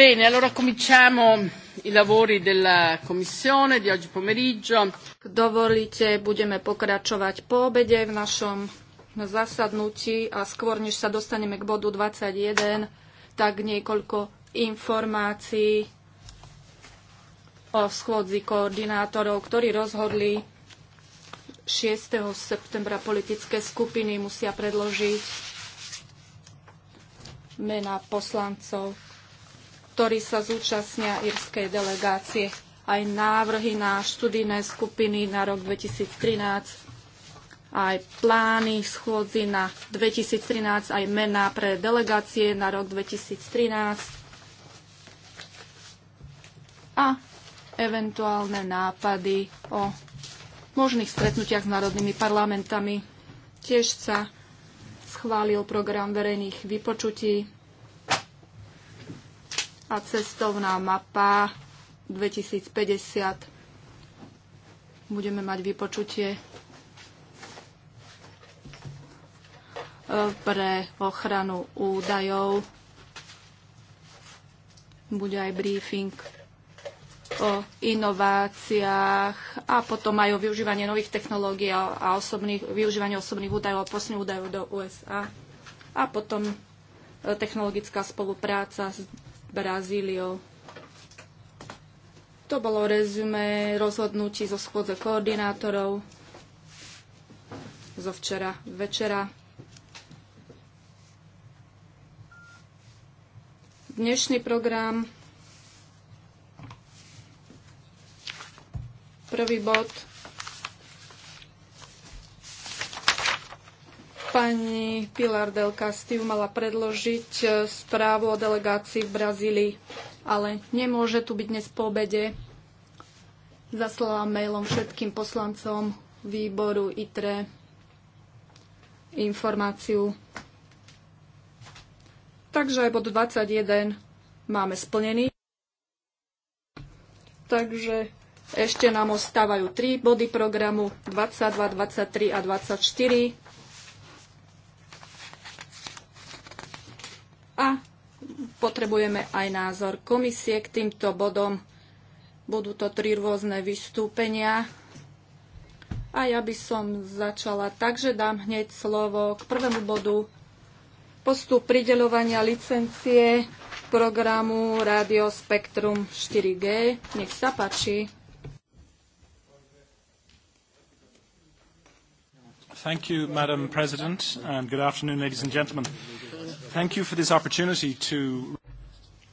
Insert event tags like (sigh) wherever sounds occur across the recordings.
Bene, allora cominciamo i lavori della Commissione di oggi pomeriggio. Dovolite, budeme pokračovať po obede v našom zasadnutí a skôr, než sa dostaneme k bodu 21, tak niekoľko informácií o schôdzi koordinátorov, ktorí rozhodli 6. septembra politické skupiny musia predložiť mena poslancov ktorí sa zúčastnia írskej delegácie, aj návrhy na študijné skupiny na rok 2013, aj plány schôdzi na 2013, aj mená pre delegácie na rok 2013 a eventuálne nápady o možných stretnutiach s národnými parlamentami. Tiež sa schválil program verejných vypočutí a cestovná mapa 2050. Budeme mať vypočutie e, pre ochranu údajov. Bude aj briefing o inováciách a potom aj o využívanie nových technológií a osobných, využívanie osobných údajov a posne údajov do USA. A potom e, technologická spolupráca s Brazíliou. To bolo rezume rozhodnutí zo schôdze koordinátorov zo včera večera. Dnešný program. Prvý bod Pani Pilar del Castillo mala predložiť e, správu o delegácii v Brazílii, ale nemôže tu byť dnes po obede. Zaslala mailom všetkým poslancom výboru ITRE informáciu. Takže aj bod 21 máme splnený. Takže ešte nám ostávajú 3 body programu 22, 23 a 24. potrebujeme aj názor komisie k týmto bodom. Budú to tri rôzne vystúpenia. A ja by som začala, tak, že dám hneď slovo k prvému bodu postup prideľovania licencie programu Radio Spektrum 4G. Nech sa páči. Thank you, Madam President, and good afternoon, ladies and gentlemen. Thank you for this opportunity to...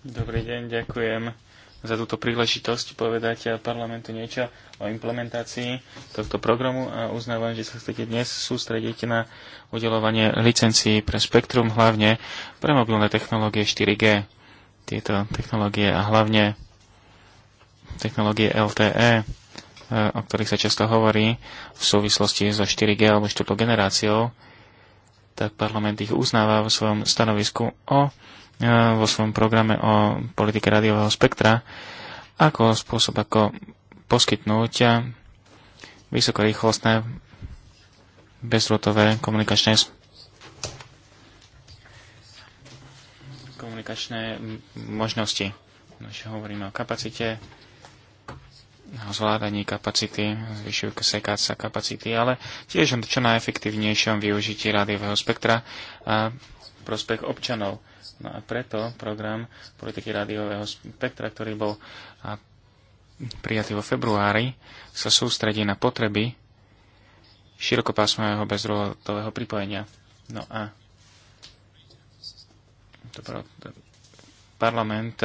Dobrý deň, ďakujem za túto príležitosť povedať parlamentu niečo o implementácii tohto programu a uznávam, že sa chcete dnes sústrediť na udelovanie licencií pre spektrum, hlavne pre mobilné technológie 4G. Tieto technológie a hlavne technológie LTE, e, o ktorých sa často hovorí v súvislosti so 4G alebo 4. generáciou, tak parlament ich uznáva vo svojom stanovisku o vo svojom programe o politike radiového spektra ako spôsob, ako poskytnúť vysokorýchlostné bezrotové komunikačné komunikačné možnosti. Nož hovoríme o kapacite, o zvládaní kapacity, zvyšujú sekáca kapacity, ale tiež o čo najefektívnejšom využití rádiového spektra a prospech občanov. No a preto program politiky rádiového spektra, ktorý bol prijatý vo februári, sa sústredí na potreby širokopásmového bezdrôtového pripojenia. No a parlament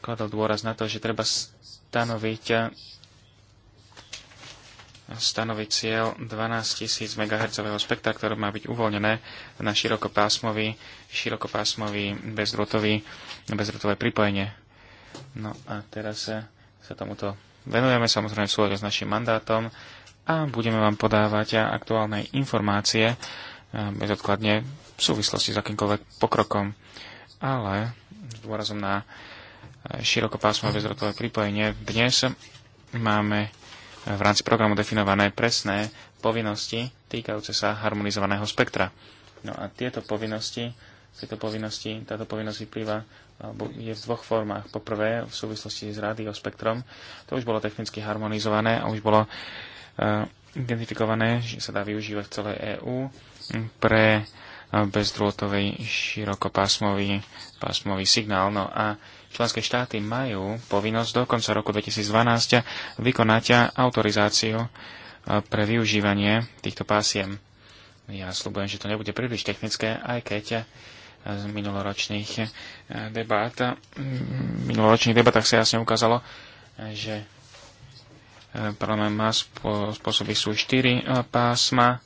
kladol dôraz na to, že treba stanoviť stanoviť cieľ 12 000 MHz spektra, ktoré má byť uvoľnené na širokopásmový, širokopásmový bezdrôtový, bezdrôtové pripojenie. No a teraz sa, sa tomuto venujeme samozrejme v súlade s našim mandátom a budeme vám podávať aktuálne informácie eh, bezodkladne v súvislosti s akýmkoľvek pokrokom, ale s dôrazom na eh, širokopásmové bezdrôtové pripojenie dnes máme v rámci programu definované presné povinnosti týkajúce sa harmonizovaného spektra. No a tieto povinnosti, tieto povinnosti, táto povinnosť vyplýva je v dvoch formách. Poprvé v súvislosti s rádiospektrom, to už bolo technicky harmonizované a už bolo eh, identifikované, že sa dá využívať v celej EÚ pre eh, bezdrôtový širokopásmový pásmový signál. No a Členské štáty majú povinnosť do konca roku 2012 vykonať autorizáciu e, pre využívanie týchto pásiem. Ja slúbujem, že to nebude príliš technické, aj keď e, z minuloročných e, debát, v minuloročných debatách sa jasne ukázalo, že parlament má spôsoby sú štyri pásma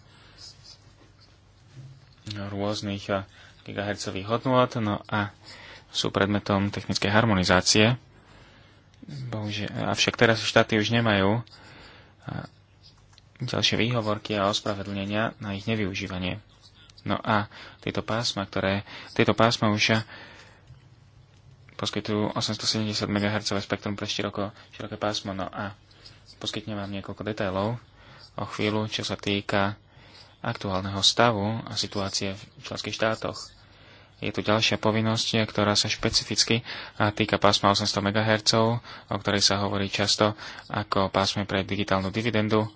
rôznych gigahercových hodnôt, no a sú predmetom technickej harmonizácie. Bohužiaľ, avšak teraz štáty už nemajú ďalšie výhovorky a ospravedlnenia na ich nevyužívanie. No a tieto pásma, ktoré, tieto pásma už poskytujú 870 MHz spektrum pre široko, široké pásmo. No a poskytnem vám niekoľko detailov o chvíľu, čo sa týka aktuálneho stavu a situácie v členských štátoch je tu ďalšia povinnosť, eh, ktorá sa špecificky eh, týka pásma 800 MHz, o ktorej sa hovorí často ako pásme pre digitálnu dividendu,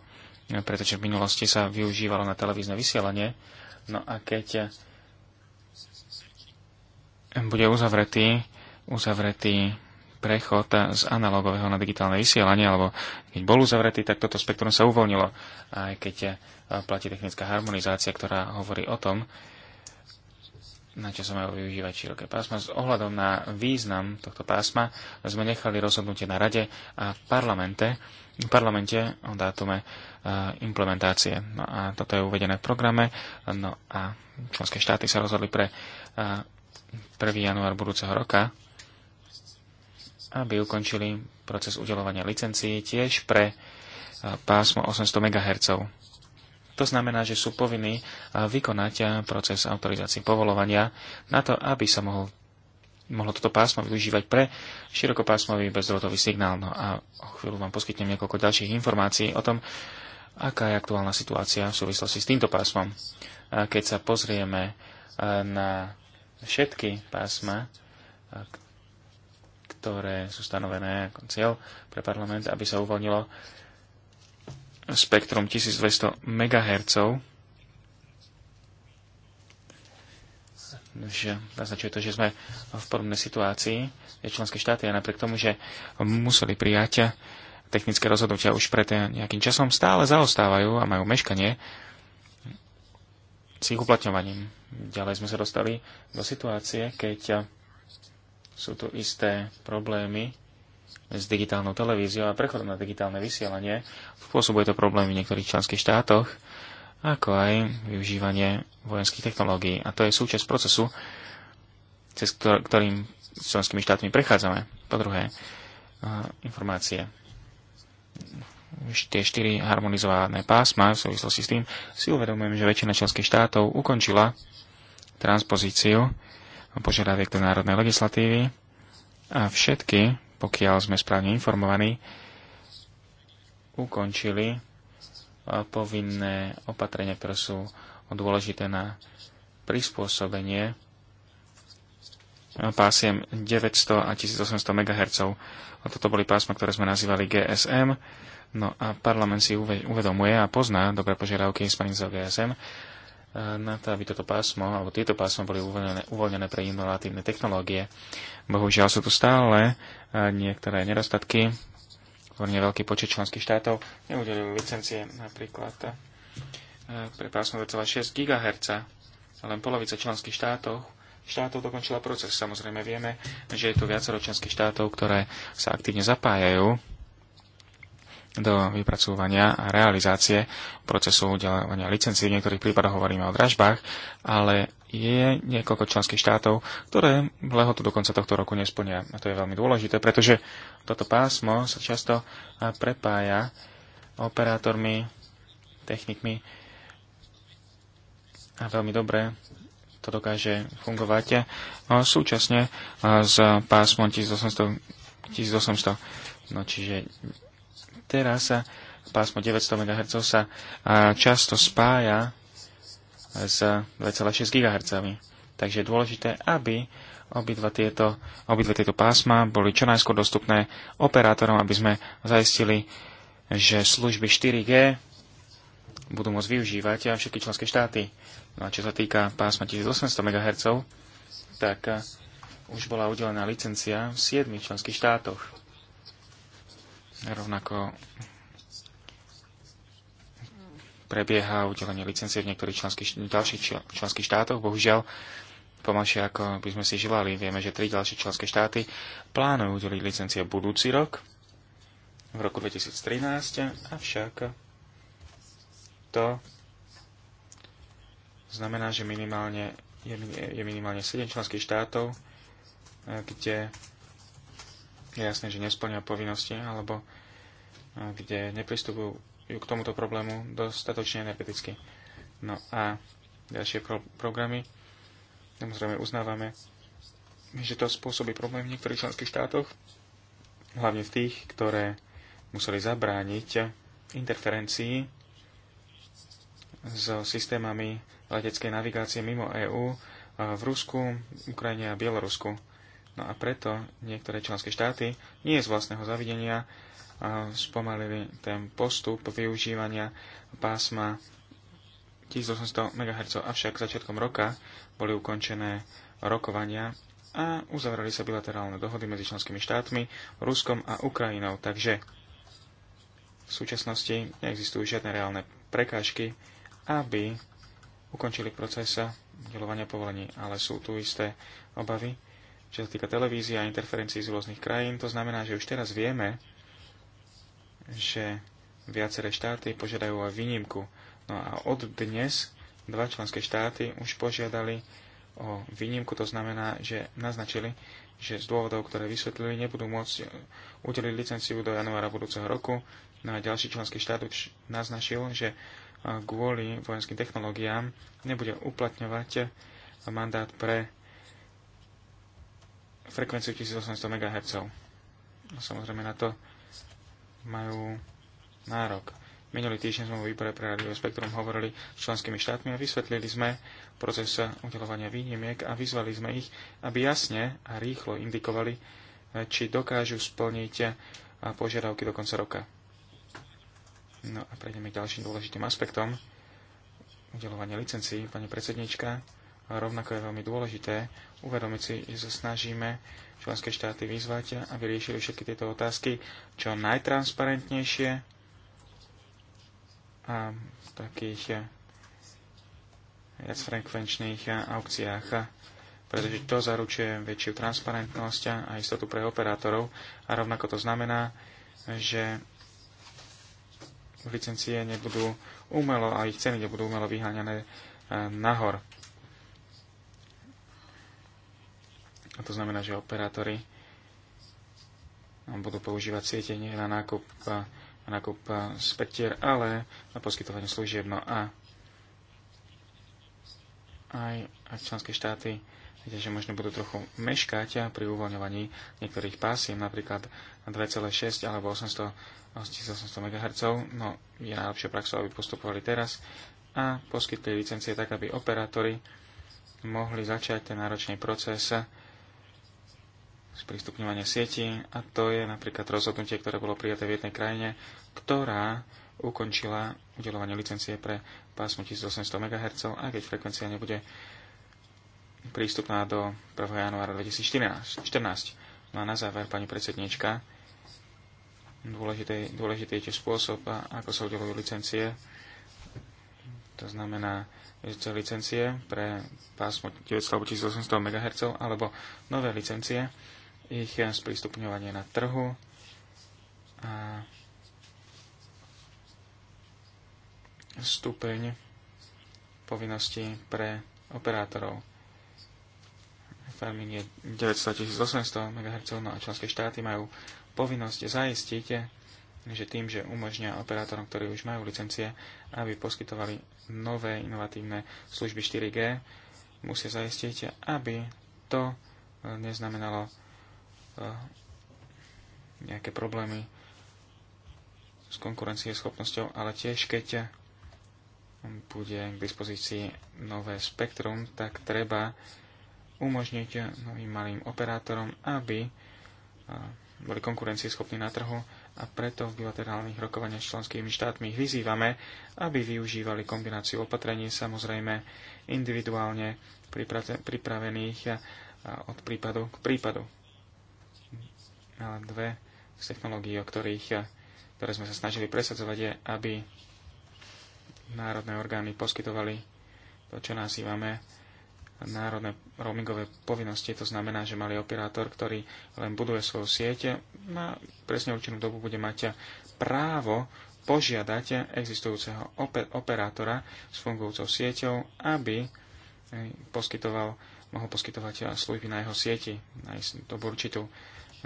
eh, pretože v minulosti sa využívalo na televízne vysielanie. No a keď bude uzavretý, uzavretý prechod z analogového na digitálne vysielanie, alebo keď bol uzavretý, tak toto spektrum sa uvoľnilo. Aj keď platí technická harmonizácia, ktorá hovorí o tom, na čo sa majú využívať široké pásma. S ohľadom na význam tohto pásma sme nechali rozhodnutie na rade a v parlamente, v parlamente o dátume e, implementácie. No a toto je uvedené v programe. No a členské štáty sa rozhodli pre 1. E, január budúceho roka, aby ukončili proces udelovania licencií tiež pre e, pásmo 800 MHz. To znamená, že sú povinní vykonať proces autorizácie povolovania na to, aby sa mohol, mohlo toto pásmo využívať pre širokopásmový bezdrôtový signál. No a o chvíľu vám poskytnem niekoľko ďalších informácií o tom, aká je aktuálna situácia v súvislosti s týmto pásmom. A keď sa pozrieme na všetky pásma, ktoré sú stanovené ako cieľ pre parlament, aby sa uvoľnilo spektrum 1200 MHz. že naznačuje to, že sme v podobnej situácii. Členské štáty a napriek tomu, že museli prijať technické rozhodnutia už pred nejakým časom, stále zaostávajú a majú meškanie s ich uplatňovaním. Ďalej sme sa dostali do situácie, keď sú tu isté problémy s digitálnou televíziou a prechodom na digitálne vysielanie spôsobuje to problémy v niektorých členských štátoch, ako aj využívanie vojenských technológií. A to je súčasť procesu, cez ktorým s členskými štátmi prechádzame. Po druhé, informácie. Tie štyri harmonizované pásma v súvislosti s tým si uvedomujem, že väčšina členských štátov ukončila transpozíciu požiadaviek do národnej legislatívy a všetky pokiaľ sme správne informovaní, ukončili e, povinné opatrenia, ktoré sú dôležité na prispôsobenie e, pásiem 900 a 1800 MHz. Toto boli pásma, ktoré sme nazývali GSM. No a parlament si uvedomuje a pozná dobré požiadavky hispanizov GSM e, na to, aby toto pásmo, alebo tieto pásmo boli uvoľnené, uvoľnené pre inovatívne technológie. Bohužiaľ sú tu stále eh, niektoré nedostatky. Hlavne veľký počet členských štátov neudelili licencie napríklad eh, pre pásmo 2,6 GHz. Len polovica členských štátov štátov dokončila proces. Samozrejme vieme, že je tu viacero členských štátov, ktoré sa aktívne zapájajú do vypracúvania a realizácie procesu udelovania licencií. V niektorých prípadoch hovoríme o dražbách, ale je niekoľko členských štátov, ktoré lehotu do konca tohto roku nesplnia. A to je veľmi dôležité, pretože toto pásmo sa často prepája operátormi, technikmi a veľmi dobre to dokáže fungovať súčasne s pásmom 1800, 1800. No čiže Teraz sa pásmo 900 MHz sa často spája s 2,6 GHz. Takže je dôležité, aby obidva tieto, obidva tieto pásma boli čo najskôr dostupné operátorom, aby sme zaistili, že služby 4G budú môcť využívať a všetky členské štáty. No a čo sa týka pásma 1800 MHz, tak už bola udelená licencia v 7 členských štátoch Rovnako prebieha udelenie licencie v niektorých členských, ďalších členských štátoch. Bohužiaľ, pomalšie ako by sme si želali. Vieme, že tri ďalšie členské štáty plánujú udeliť licencie budúci rok, v roku 2013, avšak to znamená, že minimálne, je, je minimálne 7 členských štátov, eh, kde je jasné, že nesplňa povinnosti alebo e, kde nepristupujú k tomuto problému dostatočne energeticky. No a ďalšie pro- programy, samozrejme uznávame, že to spôsobí problém v niektorých členských štátoch, hlavne v tých, ktoré museli zabrániť interferencii so systémami leteckej navigácie mimo EÚ e, v Rusku, Ukrajine a Bielorusku. No a preto niektoré členské štáty nie z vlastného zavidenia spomalili ten postup využívania pásma 1800 MHz, avšak začiatkom roka boli ukončené rokovania a uzavreli sa bilaterálne dohody medzi členskými štátmi, Ruskom a Ukrajinou. Takže v súčasnosti neexistujú žiadne reálne prekážky, aby ukončili proces udelovania povolení, ale sú tu isté obavy, čo sa týka televízie a interferencií z rôznych krajín. To znamená, že už teraz vieme, že viaceré štáty požiadajú aj výnimku. No a od dnes dva členské štáty už požiadali o výnimku, to znamená, že naznačili, že z dôvodov, ktoré vysvetlili, nebudú môcť udeliť licenciu do januára budúceho roku. No a ďalší členský štát už naznačil, že eh, kvôli vojenským technológiám nebude uplatňovať eh, mandát pre frekvenciu 1800 MHz. Samozrejme na to majú nárok. Minulý týždeň sme vo výbore pre Radio Spektrum hovorili s členskými štátmi a vysvetlili sme proces udelovania výnimiek a vyzvali sme ich, aby jasne a rýchlo indikovali, eh, či dokážu splniť eh, požiadavky do konca roka. No a prejdeme k ďalším dôležitým aspektom udelovania licencií. Pani predsednička, a rovnako je veľmi dôležité uvedomiť si, že sa snažíme členské štáty vyzvať, aby riešili všetky tieto otázky čo najtransparentnejšie a v takých viac frekvenčných aukciách, pretože to zaručuje väčšiu transparentnosť a istotu pre operátorov a rovnako to znamená, že licencie nebudú umelo a ich ceny nebudú umelo vyháňané eh, nahor. A to znamená, že operátori budú používať siete nie na nákup, na nákup spektier, ale na poskytovanie služieb. No a aj, členské štáty viete, že možno budú trochu meškať pri uvoľňovaní niektorých pásiem, napríklad 2,6 alebo 800, 800 MHz. No, je najlepšia praxa, aby postupovali teraz a poskytli licencie tak, aby operátori mohli začať ten náročný proces sprístupňovania sieti a to je napríklad rozhodnutie, ktoré bolo prijaté v jednej krajine, ktorá ukončila udelovanie licencie pre pásmu 1800 MHz, aj keď frekvencia nebude prístupná do 1. januára 2014. No a na záver, pani predsednička, dôležitý, dôležitý je tiež spôsob, ako sa udelujú licencie. To znamená, že licencie pre pásmo 900 1800 MHz alebo nové licencie ich sprístupňovanie na trhu a stupeň povinnosti pre operátorov. Farming je 9800 MHz no a členské štáty majú povinnosť zaistiť, že tým, že umožňa operátorom, ktorí už majú licencie, aby poskytovali nové inovatívne služby 4G, musia zaistiť, aby to neznamenalo nejaké problémy s konkurencieschopnosťou, ale tiež keď bude k dispozícii nové spektrum, tak treba umožniť novým malým operátorom, aby boli konkurencieschopní na trhu a preto v bilaterálnych rokovaniach s členskými štátmi ich vyzývame, aby využívali kombináciu opatrení, samozrejme individuálne pripravených od prípadu k prípadu ale dve z technológií, o ktorých, eh, ktoré sme sa snažili presadzovať, je, aby národné orgány poskytovali to, čo nazývame národné roamingové povinnosti. To znamená, že malý operátor, ktorý len buduje svoju sieť, na presne určenú dobu bude mať právo požiadať existujúceho operátora s fungujúcou sieťou, aby eh, poskytoval, mohol poskytovať eh, služby na jeho sieti, na istú dobu určitú.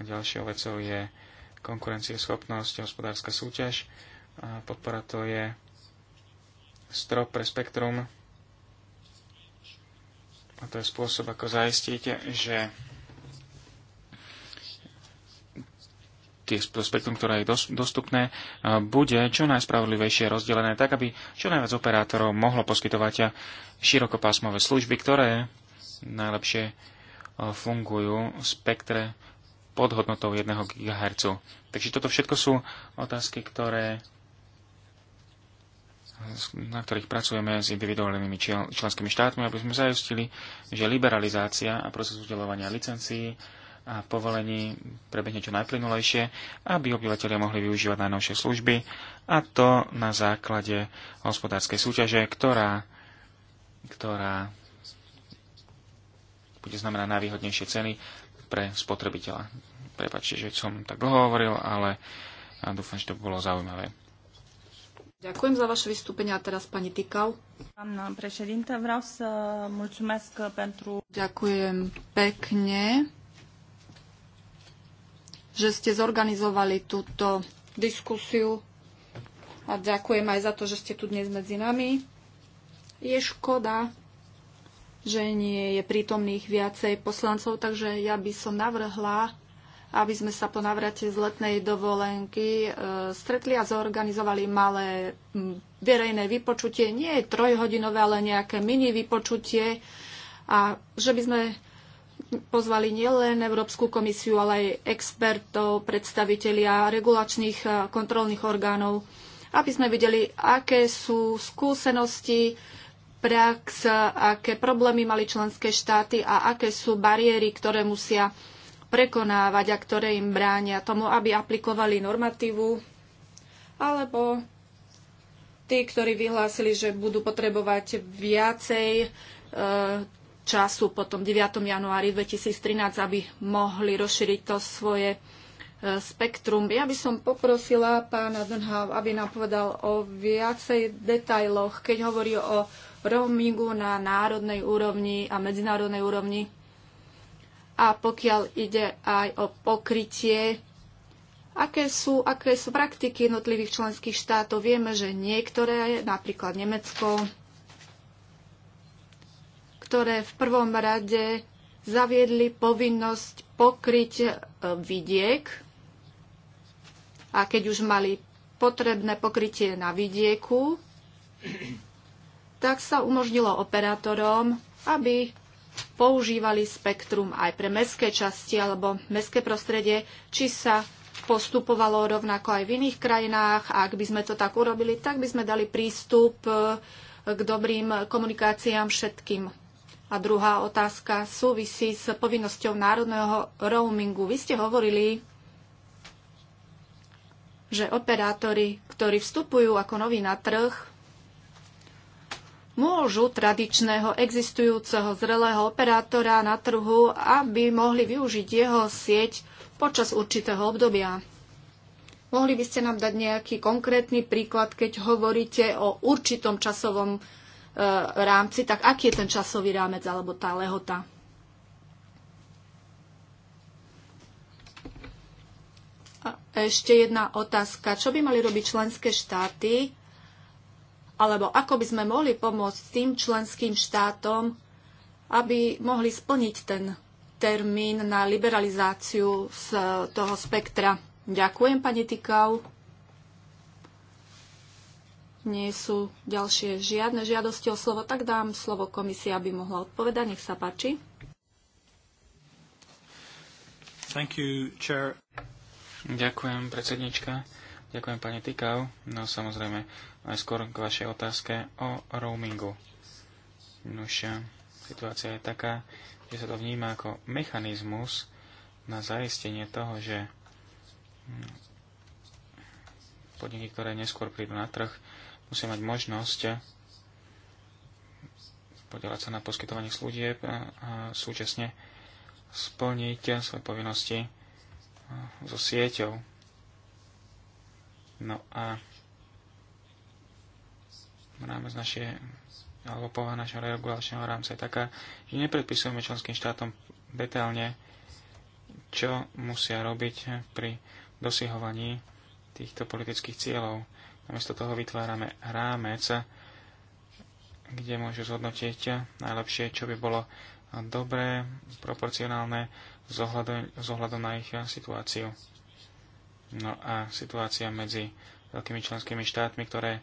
Ďalšou vecou je konkurencieschopnosť, hospodárska súťaž. A podpora to je strop pre spektrum. A to je spôsob, ako zaistiť, že tie spektrum, ktoré je dostupné, bude čo najspravodlivejšie rozdelené, tak aby čo najviac operátorov mohlo poskytovať širokopásmové služby, ktoré najlepšie fungujú v spektre pod hodnotou 1 GHz. Takže toto všetko sú otázky, ktoré na ktorých pracujeme s individuálnymi členskými štátmi, aby sme zajistili, že liberalizácia a proces udelovania licencií a povolení prebehne čo najplynulejšie, aby obyvateľia mohli využívať najnovšie služby a to na základe hospodárskej súťaže, ktorá, ktorá bude znamená najvýhodnejšie ceny pre spotrebiteľa. Prepačte, že som tak dlho hovoril, ale dúfam, že to bolo zaujímavé. Ďakujem za vaše vystúpenie a teraz pani Tikal. Ďakujem pekne, že ste zorganizovali túto diskusiu a ďakujem aj za to, že ste tu dnes medzi nami. Je škoda, že nie je prítomných viacej poslancov, takže ja by som navrhla, aby sme sa po navrate z letnej dovolenky e, stretli a zorganizovali malé verejné vypočutie. Nie je trojhodinové, ale nejaké mini vypočutie. A že by sme pozvali nielen Európsku komisiu, ale aj expertov, predstavitelia regulačných e, kontrolných orgánov, aby sme videli, aké sú skúsenosti, prax, aké problémy mali členské štáty a aké sú bariéry, ktoré musia prekonávať a ktoré im bránia tomu, aby aplikovali normatívu alebo tí, ktorí vyhlásili, že budú potrebovať viacej e, času po tom 9. januári 2013, aby mohli rozšíriť to svoje e, spektrum. Ja by som poprosila pána Dunhav, aby nám povedal o viacej detailoch, keď hovorí o roamingu na národnej úrovni a medzinárodnej úrovni. A pokiaľ ide aj o pokrytie, aké sú, aké sú praktiky jednotlivých členských štátov. Vieme, že niektoré, napríklad Nemecko, ktoré v prvom rade zaviedli povinnosť pokryť e, vidiek a keď už mali potrebné pokrytie na vidieku, tak sa umožnilo operátorom, aby používali spektrum aj pre mestské časti alebo mestské prostredie, či sa postupovalo rovnako aj v iných krajinách. A ak by sme to tak urobili, tak by sme dali prístup e, k dobrým komunikáciám všetkým. A druhá otázka súvisí s povinnosťou národného roamingu. Vy ste hovorili, že operátori, ktorí vstupujú ako noví na trh, môžu tradičného existujúceho zrelého operátora na trhu, aby mohli využiť jeho sieť počas určitého obdobia. Mohli by ste nám dať nejaký konkrétny príklad, keď hovoríte o určitom časovom e, rámci, tak aký je ten časový rámec alebo tá lehota? A ešte jedna otázka. Čo by mali robiť členské štáty, alebo ako by sme mohli pomôcť tým členským štátom, aby mohli splniť ten termín na liberalizáciu z toho spektra. Ďakujem, pani Tikau. Nie sú ďalšie žiadne žiadosti o slovo, tak dám slovo komisii, aby mohla odpovedať. Nech sa páči. Thank you, chair. Ďakujem, predsednička. Ďakujem, pani Tikau. No samozrejme, Najskôr k vašej otázke o roamingu. Nuša, situácia je taká, že sa to vníma ako mechanizmus na zaistenie toho, že hm, podniky, ktoré neskôr prídu na trh, musia mať možnosť podielať sa na poskytovaní služieb a súčasne splniť svoje povinnosti hm, so sieťou. No a rámec našej alebo povaha našeho regulačného rámca je taká, že nepredpisujeme členským štátom detálne, čo musia robiť pri dosahovaní týchto politických cieľov. Namiesto toho vytvárame rámec, kde môžu zhodnotiť najlepšie, čo by bolo dobré, proporcionálne s ohľadom na ich situáciu. No a situácia medzi veľkými členskými štátmi, ktoré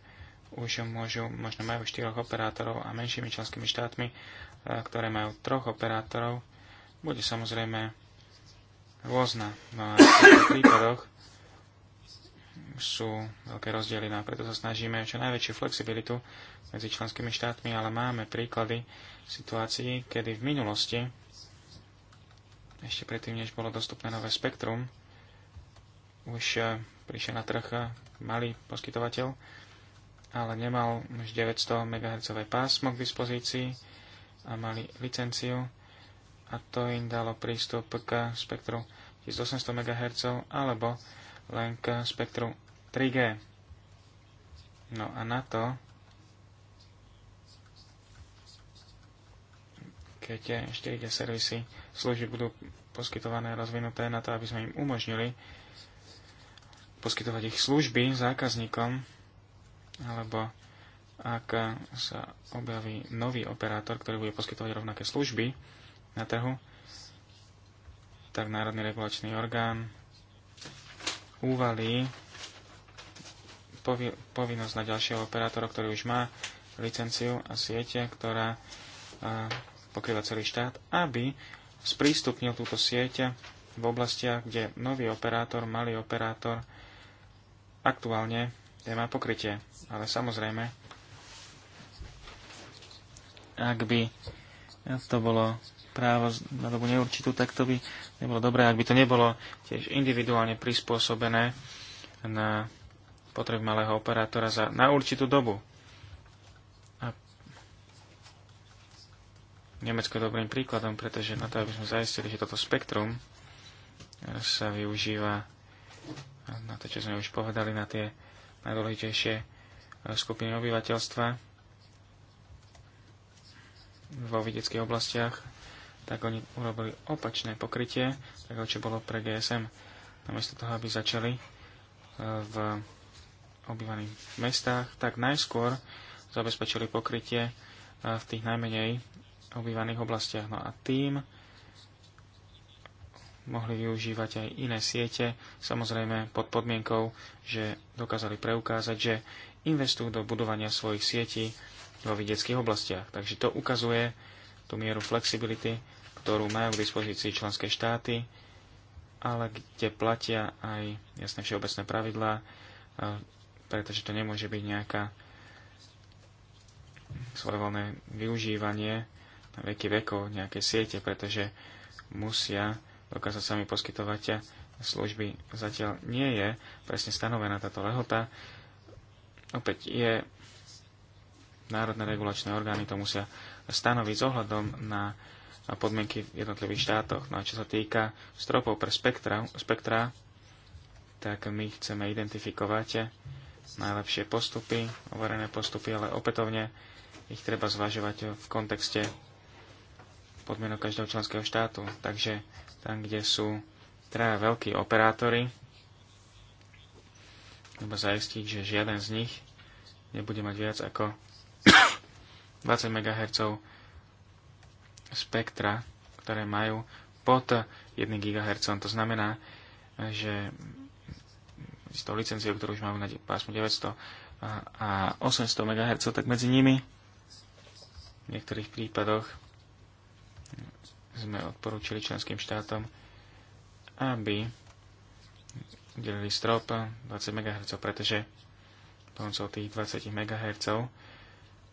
už môžu, možno majú štyroch operátorov a menšími členskými štátmi, e, ktoré majú troch operátorov, bude samozrejme rôzna. No a v týchto prípadoch sú veľké rozdiely, no a preto sa snažíme čo najväčšiu flexibilitu medzi členskými štátmi, ale máme príklady situácií, kedy v minulosti, ešte predtým, než bolo dostupné nové spektrum, už e, prišiel na trh malý poskytovateľ, ale nemal už 900 MHz pásmo k dispozícii a mali licenciu a to im dalo prístup k spektru 1800 MHz alebo len k spektru 3G. No a na to, keď ešte ide servisy služby budú poskytované rozvinuté na to, aby sme im umožnili poskytovať ich služby zákazníkom, alebo ak sa objaví nový operátor, ktorý bude poskytovať rovnaké služby na trhu, tak Národný regulačný orgán uvalí povinnosť na ďalšieho operátora, ktorý už má licenciu a siete, ktorá pokrýva celý štát, aby sprístupnil túto sieť v oblastiach, kde nový operátor, malý operátor aktuálne nemá pokrytie. Ale samozrejme, ak by to bolo právo na dobu neurčitú, tak to by nebolo dobré, ak by to nebolo tiež individuálne prispôsobené na potreb malého operátora za, na určitú dobu. A Nemecko je dobrým príkladom, pretože na to, aby sme zaistili, že toto spektrum sa využíva na to, čo sme už povedali, na tie najdôležitejšie e, skupiny obyvateľstva vo vidieckých oblastiach, tak oni urobili opačné pokrytie, tak čo bolo pre GSM. Namiesto toho, aby začali e, v obývaných mestách, tak najskôr zabezpečili pokrytie e, v tých najmenej obývaných oblastiach. No a tým mohli využívať aj iné siete, samozrejme pod podmienkou, že dokázali preukázať, že investujú do budovania svojich sietí vo vidieckých oblastiach. Takže to ukazuje tú mieru flexibility, ktorú majú k dispozícii členské štáty, ale kde platia aj jasné všeobecné pravidlá, e, pretože to nemôže byť nejaká svojvoľné využívanie na veky vekov nejaké siete, pretože musia dokázal sami poskytovať služby. Zatiaľ nie je presne stanovená táto lehota. Opäť je národné regulačné orgány to musia stanoviť s ohľadom na podmienky v jednotlivých štátoch. No a čo sa týka stropov pre spektra, spektra tak my chceme identifikovať najlepšie postupy, overené postupy, ale opätovne ich treba zvažovať v kontexte podmienok každého členského štátu. Takže tam, kde sú traja veľkí operátori, treba zaistiť, že žiaden z nich nebude mať viac ako 20 (coughs) MHz spektra, ktoré majú pod 1 GHz. To znamená, že s tou licenciou, ktorú už máme na pásmu 900 a 800 MHz, tak medzi nimi v niektorých prípadoch sme odporúčili členským štátom, aby udelili strop 20 MHz, pretože pomocou tých 20 MHz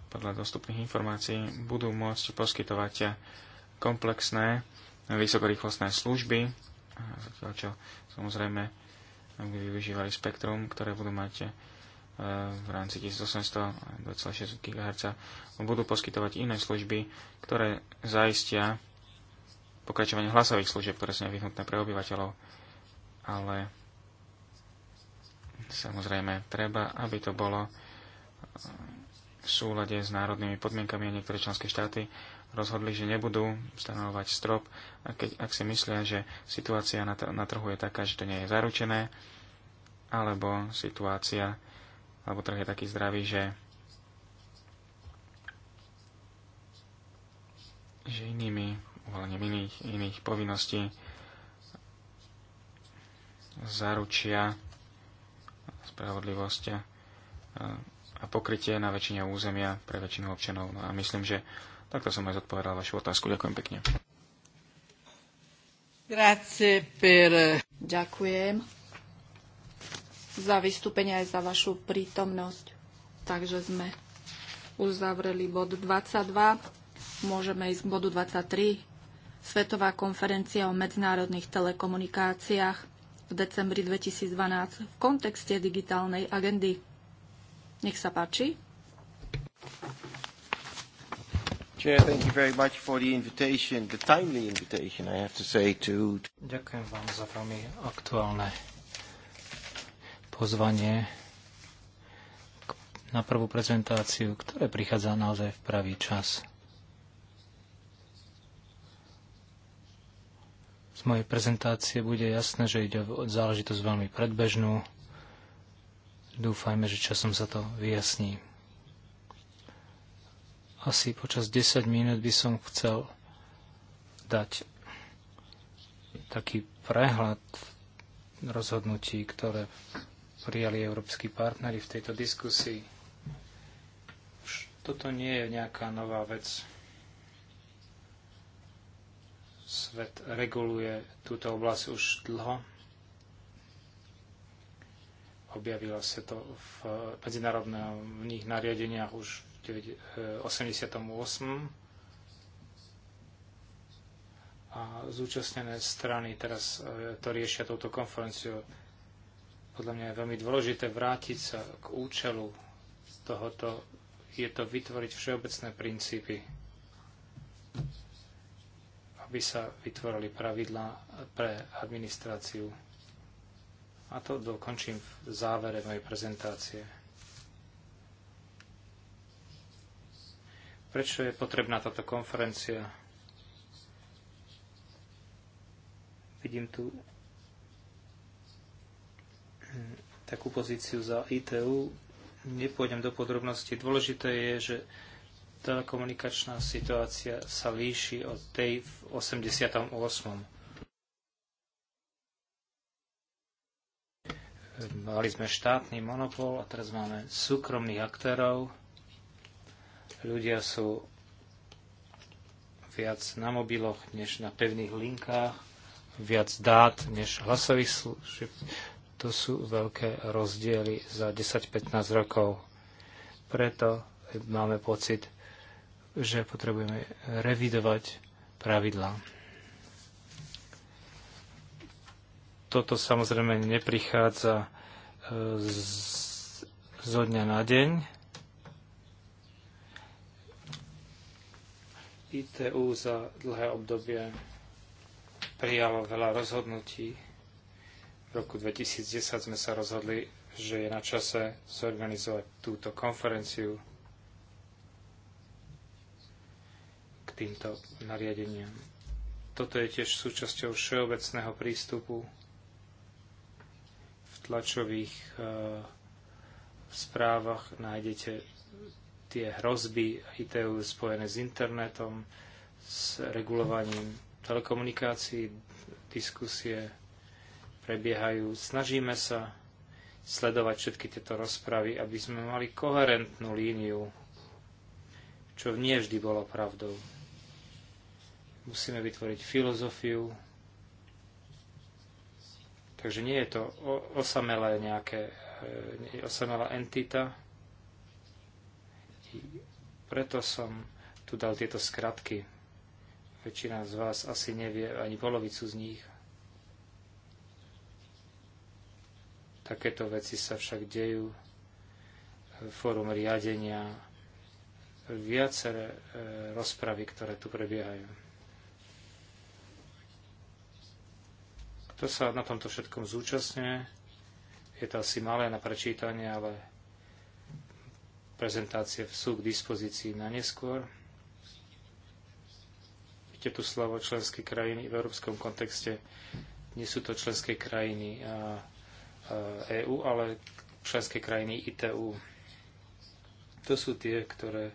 podľa dostupných informácií budú môcť poskytovať komplexné vysokorýchlostné služby, zatiaľ čo samozrejme aby využívali spektrum, ktoré budú mať e, v rámci 1800 2,6 GHz budú poskytovať iné služby, ktoré zaistia pokračovanie hlasových služieb, ktoré sú nevyhnutné pre obyvateľov. Ale samozrejme treba, aby to bolo v súlade s národnými podmienkami a niektoré členské štáty rozhodli, že nebudú stanovovať strop, a keď, ak si myslia, že situácia na, na trhu je taká, že to nie je zaručené, alebo situácia, alebo trh je taký zdravý, že, že inými uvalením iných, iných povinností zaručia spravodlivosť eh, a pokrytie na väčšine územia pre väčšinu občanov. No a myslím, že takto som aj zodpovedal vašu otázku. Ďakujem pekne. Grazie per... Ďakujem za vystúpenie aj za vašu prítomnosť. Takže sme uzavreli bod 22. Môžeme ísť k bodu 23. Svetová konferencia o medzinárodných telekomunikáciách v decembri 2012 v kontexte digitálnej agendy. Nech sa páči. Ďakujem vám za veľmi aktuálne pozvanie na prvú prezentáciu, ktoré prichádza naozaj v pravý čas. Z mojej prezentácie bude jasné, že ide o záležitosť veľmi predbežnú. Dúfajme, že časom sa to vyjasní. Asi počas 10 minút by som chcel dať taký prehľad rozhodnutí, ktoré prijali európsky partnery v tejto diskusii. Už toto nie je nejaká nová vec. Svet reguluje túto oblasť už dlho. Objavilo sa to v medzinárodných nariadeniach už v 88 eh, a zúčastnené strany teraz eh, to riešia touto konferenciou. Podľa mňa je veľmi dôležité vrátiť sa k účelu tohoto. Je to vytvoriť všeobecné princípy aby sa vytvorili pravidlá pre administráciu. A to dokončím v závere mojej prezentácie. Prečo je potrebná táto konferencia? Vidím tu takú pozíciu za ITU. Nepôjdem do podrobnosti. Dôležité je, že telekomunikačná situácia sa líši od tej v 88. Mali sme štátny monopol a teraz máme súkromných aktérov. Ľudia sú viac na mobiloch než na pevných linkách, viac dát než hlasových služieb. To sú veľké rozdiely za 10-15 rokov. Preto máme pocit, že potrebujeme revidovať pravidlá. Toto samozrejme neprichádza e, z, zo dňa na deň. ITU za dlhé obdobie prijalo veľa rozhodnutí. V roku 2010 sme sa rozhodli, že je na čase zorganizovať túto konferenciu týmto nariadeniam. Toto je tiež súčasťou všeobecného prístupu v tlačových e, správach. Nájdete tie hrozby ITU spojené s internetom, s regulovaním telekomunikácií, diskusie prebiehajú. Snažíme sa sledovať všetky tieto rozpravy, aby sme mali koherentnú líniu, čo nie vždy bolo pravdou. Musíme vytvoriť filozofiu. Takže nie je to osamelé nejaké, e, osamelá entita. Preto som tu dal tieto skratky. Väčšina z vás asi nevie ani polovicu z nich. Takéto veci sa však dejú. Fórum riadenia, viaceré e, rozpravy, ktoré tu prebiehajú. Kto sa na tomto všetkom zúčastňuje? Je to asi malé na prečítanie, ale prezentácie sú k dispozícii na neskôr. Vidíte tu slovo členské krajiny v európskom kontexte. Nie sú to členské krajiny EÚ, ale členské krajiny ITU. To sú tie, ktoré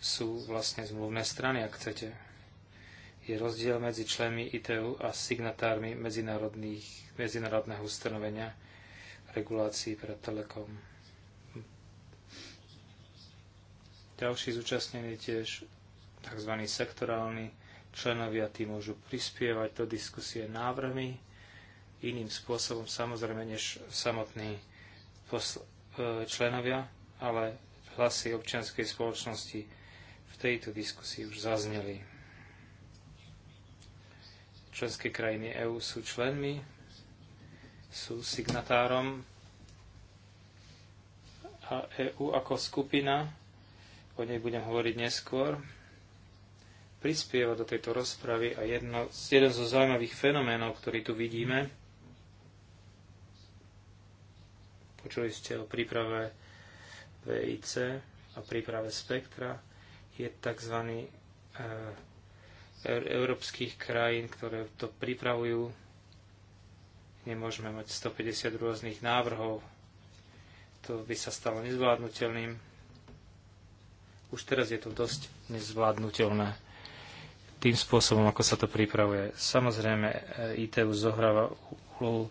sú vlastne zmluvné strany, ak chcete je rozdiel medzi členmi ITU a signatármi medzinárodného ustanovenia regulácií pre telekom. Ďalší zúčastnení tiež tzv. sektorálni členovia tí môžu prispievať do diskusie návrhmi iným spôsobom samozrejme než samotní e, členovia, ale hlasy občianskej spoločnosti v tejto diskusii už zazneli. Členské krajiny EÚ sú členmi, sú signatárom a EÚ ako skupina, o nej budem hovoriť neskôr, prispieva do tejto rozpravy a jedno, jeden zo zaujímavých fenoménov, ktorý tu vidíme, počuli ste o príprave VIC a príprave spektra, je tzv. E- európskych krajín, ktoré to pripravujú. Nemôžeme mať 150 rôznych návrhov. To by sa stalo nezvládnutelným. Už teraz je to dosť nezvládnutelné tým spôsobom, ako sa to pripravuje. Samozrejme, e, ITU zohráva úlohu,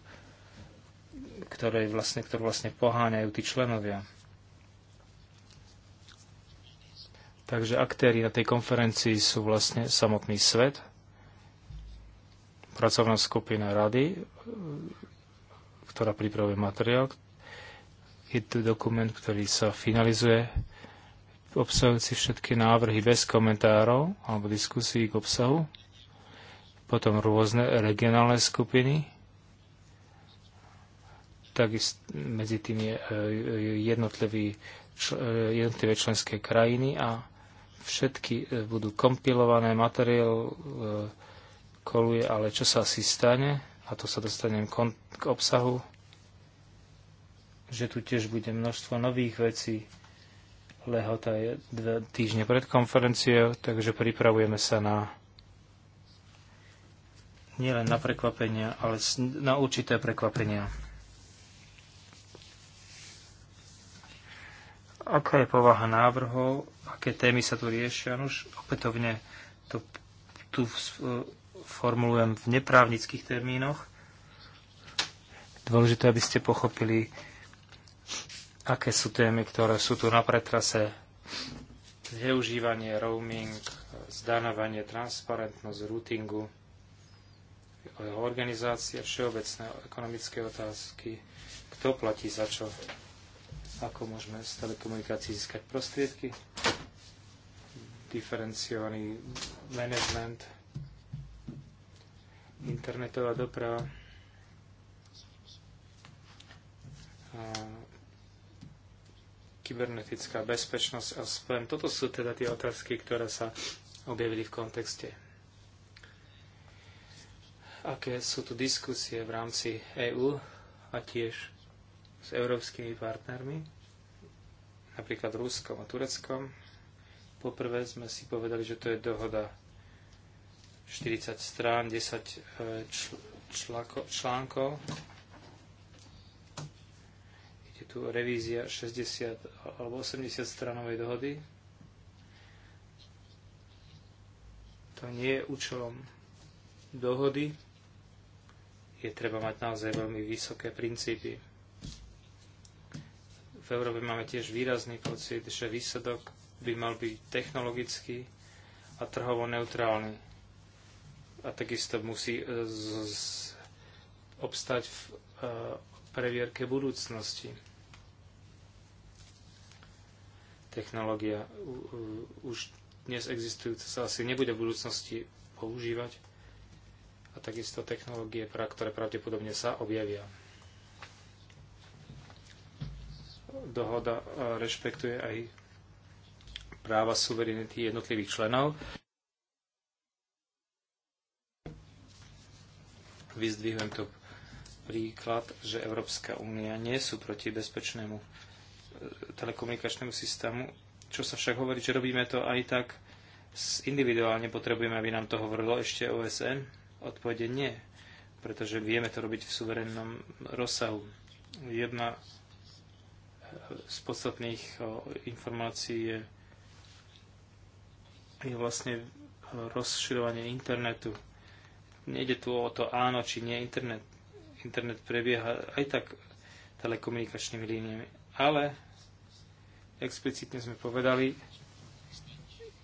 ktoré vlastne, ktorú vlastne poháňajú tí členovia. Takže aktéry na tej konferencii sú vlastne samotný svet, pracovná skupina rady, ktorá pripravuje materiál. Je tu dokument, ktorý sa finalizuje, obsahujúci všetky návrhy bez komentárov alebo diskusí k obsahu. Potom rôzne regionálne skupiny. Takisto medzi tým je e, e, jednotlivé členské krajiny a všetky e, budú kompilované, materiál e, koluje, ale čo sa asi stane, a to sa dostanem k obsahu, že tu tiež bude množstvo nových vecí. Lehota je dva týždne pred konferenciou, takže pripravujeme sa na nielen na prekvapenia, ale na určité prekvapenia. aká je povaha návrhov, aké témy sa tu riešia. No už opätovne to tu e, formulujem v neprávnických termínoch. Dôležité, aby ste pochopili, aké sú témy, ktoré sú tu na pretrase. Zneužívanie, roaming, zdanovanie, transparentnosť, routingu, organizácia, všeobecné ekonomické otázky, kto platí za čo, ako môžeme z telekomunikácií získať prostriedky, diferenciovaný management, internetová doprava, kybernetická bezpečnosť a spojem. Toto sú teda tie otázky, ktoré sa objavili v kontexte. Aké sú tu diskusie v rámci EÚ a tiež s európskymi partnermi, napríklad Ruskom a Tureckom. Poprvé sme si povedali, že to je dohoda 40 strán, 10 e, článkov. Je tu revízia 60 alebo 80 stranovej dohody. To nie je účelom dohody. Je treba mať naozaj veľmi vysoké princípy v Európe máme tiež výrazný pocit, že výsledok by mal byť technologický a trhovo neutrálny. A takisto musí e, obstať v e, previerke budúcnosti. Technológia už dnes existujúca sa asi nebude v budúcnosti používať a takisto technológie, ktoré pravdepodobne sa objavia. dohoda e, rešpektuje aj práva suverenity jednotlivých členov. Vyzdvihujem to príklad, že Európska únia nie sú proti bezpečnému e, telekomunikačnému systému, čo sa však hovorí, že robíme to aj tak individuálne, potrebujeme, aby nám to hovorilo ešte OSN? Odpovede nie, pretože vieme to robiť v suverénnom rozsahu. Jedna z podstatných informácií je, je vlastne rozširovanie internetu. Nejde tu o to áno či nie internet. Internet prebieha aj tak telekomunikačnými líniami. Ale explicitne sme povedali,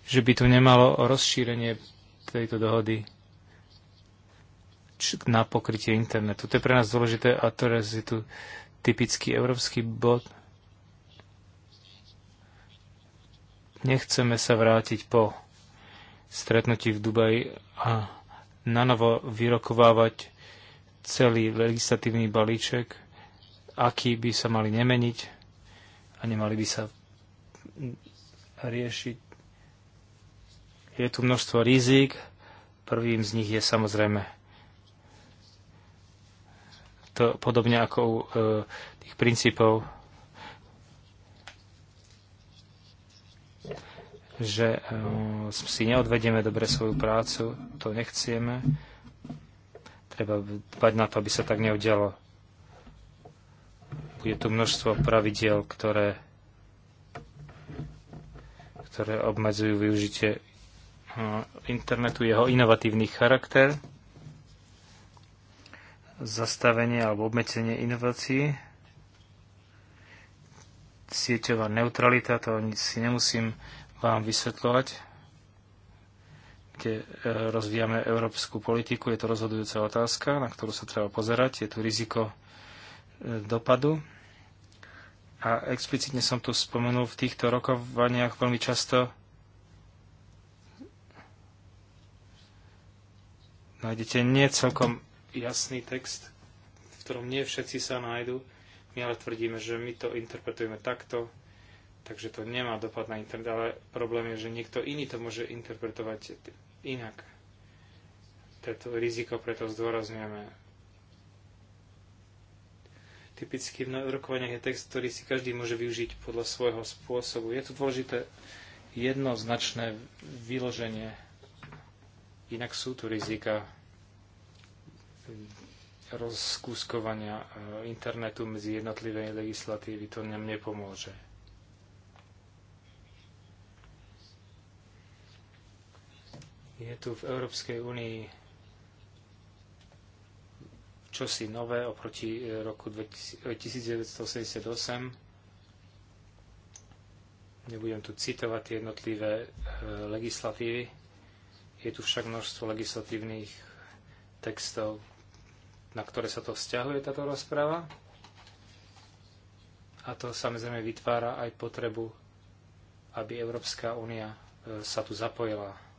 že by tu nemalo o rozšírenie tejto dohody na pokrytie internetu. To je pre nás dôležité a teraz je tu typický európsky bod – Nechceme sa vrátiť po stretnutí v Dubaji a nanovo vyrokovávať celý legislatívny balíček, aký by sa mali nemeniť a nemali by sa riešiť. Je tu množstvo rizik. Prvým z nich je samozrejme to podobne ako u e, tých princípov že eh, si neodvedieme dobre svoju prácu, to nechcieme. Treba dbať na to, aby sa tak neudialo. Je tu množstvo pravidiel, ktoré, ktoré obmedzujú využitie eh, internetu, jeho inovatívny charakter, zastavenie alebo obmedzenie inovácií, sieťová neutralita, to si nemusím vám vysvetľovať, kde rozvíjame európsku politiku. Je to rozhodujúca otázka, na ktorú sa treba pozerať. Je tu riziko e, dopadu. A explicitne som tu spomenul v týchto rokovaniach veľmi často nájdete nie celkom jasný text, v ktorom nie všetci sa nájdu. My ale tvrdíme, že my to interpretujeme takto, Takže to nemá dopad na internet, ale problém je, že niekto iný to môže interpretovať inak. Toto riziko preto zdôrazňujeme. Typicky v rokovaniach je text, ktorý si každý môže využiť podľa svojho spôsobu. Je tu dôležité jednoznačné vyloženie, inak sú tu rizika rozkúskovania eh, internetu medzi jednotlivé legislatívy, to nám nepomôže. Je tu v Európskej únii čosi nové oproti e, roku 1988. E, Nebudem tu citovať tie jednotlivé e, legislatívy. Je tu však množstvo legislatívnych textov, na ktoré sa to vzťahuje táto rozpráva. A to samozrejme vytvára aj potrebu, aby Európska únia sa tu zapojila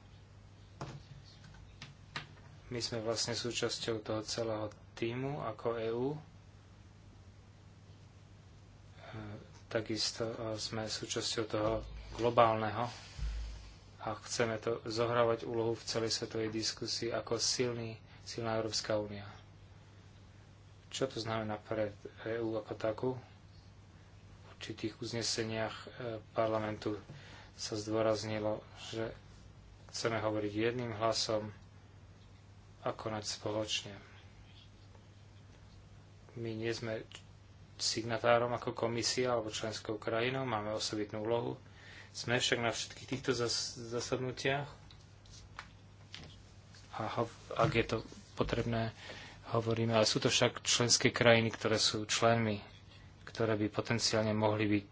my sme vlastne súčasťou toho celého týmu ako EÚ. E, takisto e, sme súčasťou toho globálneho a chceme to zohrávať úlohu v celej svetovej diskusii ako silný, silná Európska únia. Čo to znamená pre EÚ ako takú? V určitých uzneseniach e, parlamentu sa zdôraznilo, že chceme hovoriť jedným hlasom, a konať spoločne. My nie sme signatárom ako komisia alebo členskou krajinou, máme osobitnú úlohu. Sme však na všetkých týchto zas- zasadnutiach a ak je to potrebné, hovoríme, ale sú to však členské krajiny, ktoré sú členmi, ktoré by potenciálne mohli byť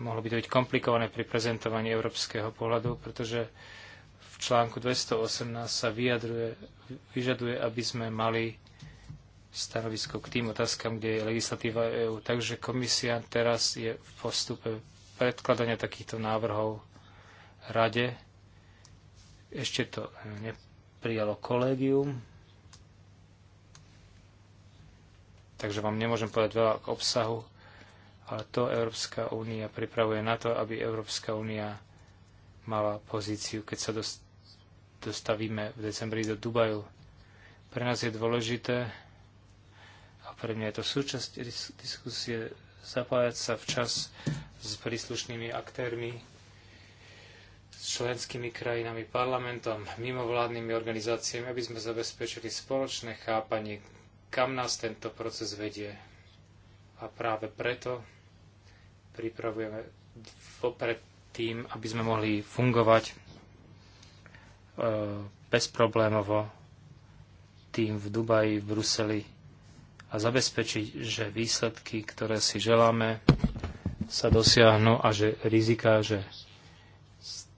mohlo by to byť komplikované pri prezentovaní európskeho pohľadu, pretože článku 218 sa vyjadruje, vyžaduje, aby sme mali stanovisko k tým otázkam, kde je legislatíva EÚ. Takže komisia teraz je v postupe predkladania takýchto návrhov rade. Ešte to neprijalo kolégium. Takže vám nemôžem povedať veľa k obsahu, ale to Európska únia pripravuje na to, aby Európska únia mala pozíciu, keď sa dost, dostavíme v decembri do Dubaju. Pre nás je dôležité a pre mňa je to súčasť diskusie zapájať sa včas s príslušnými aktérmi, s členskými krajinami, parlamentom, mimovládnymi organizáciami, aby sme zabezpečili spoločné chápanie, kam nás tento proces vedie. A práve preto pripravujeme vopred tým, aby sme mohli fungovať E, bezproblémovo tým v Dubaji, v Bruseli a zabezpečiť, že výsledky, ktoré si želáme, sa dosiahnu a že rizika, že,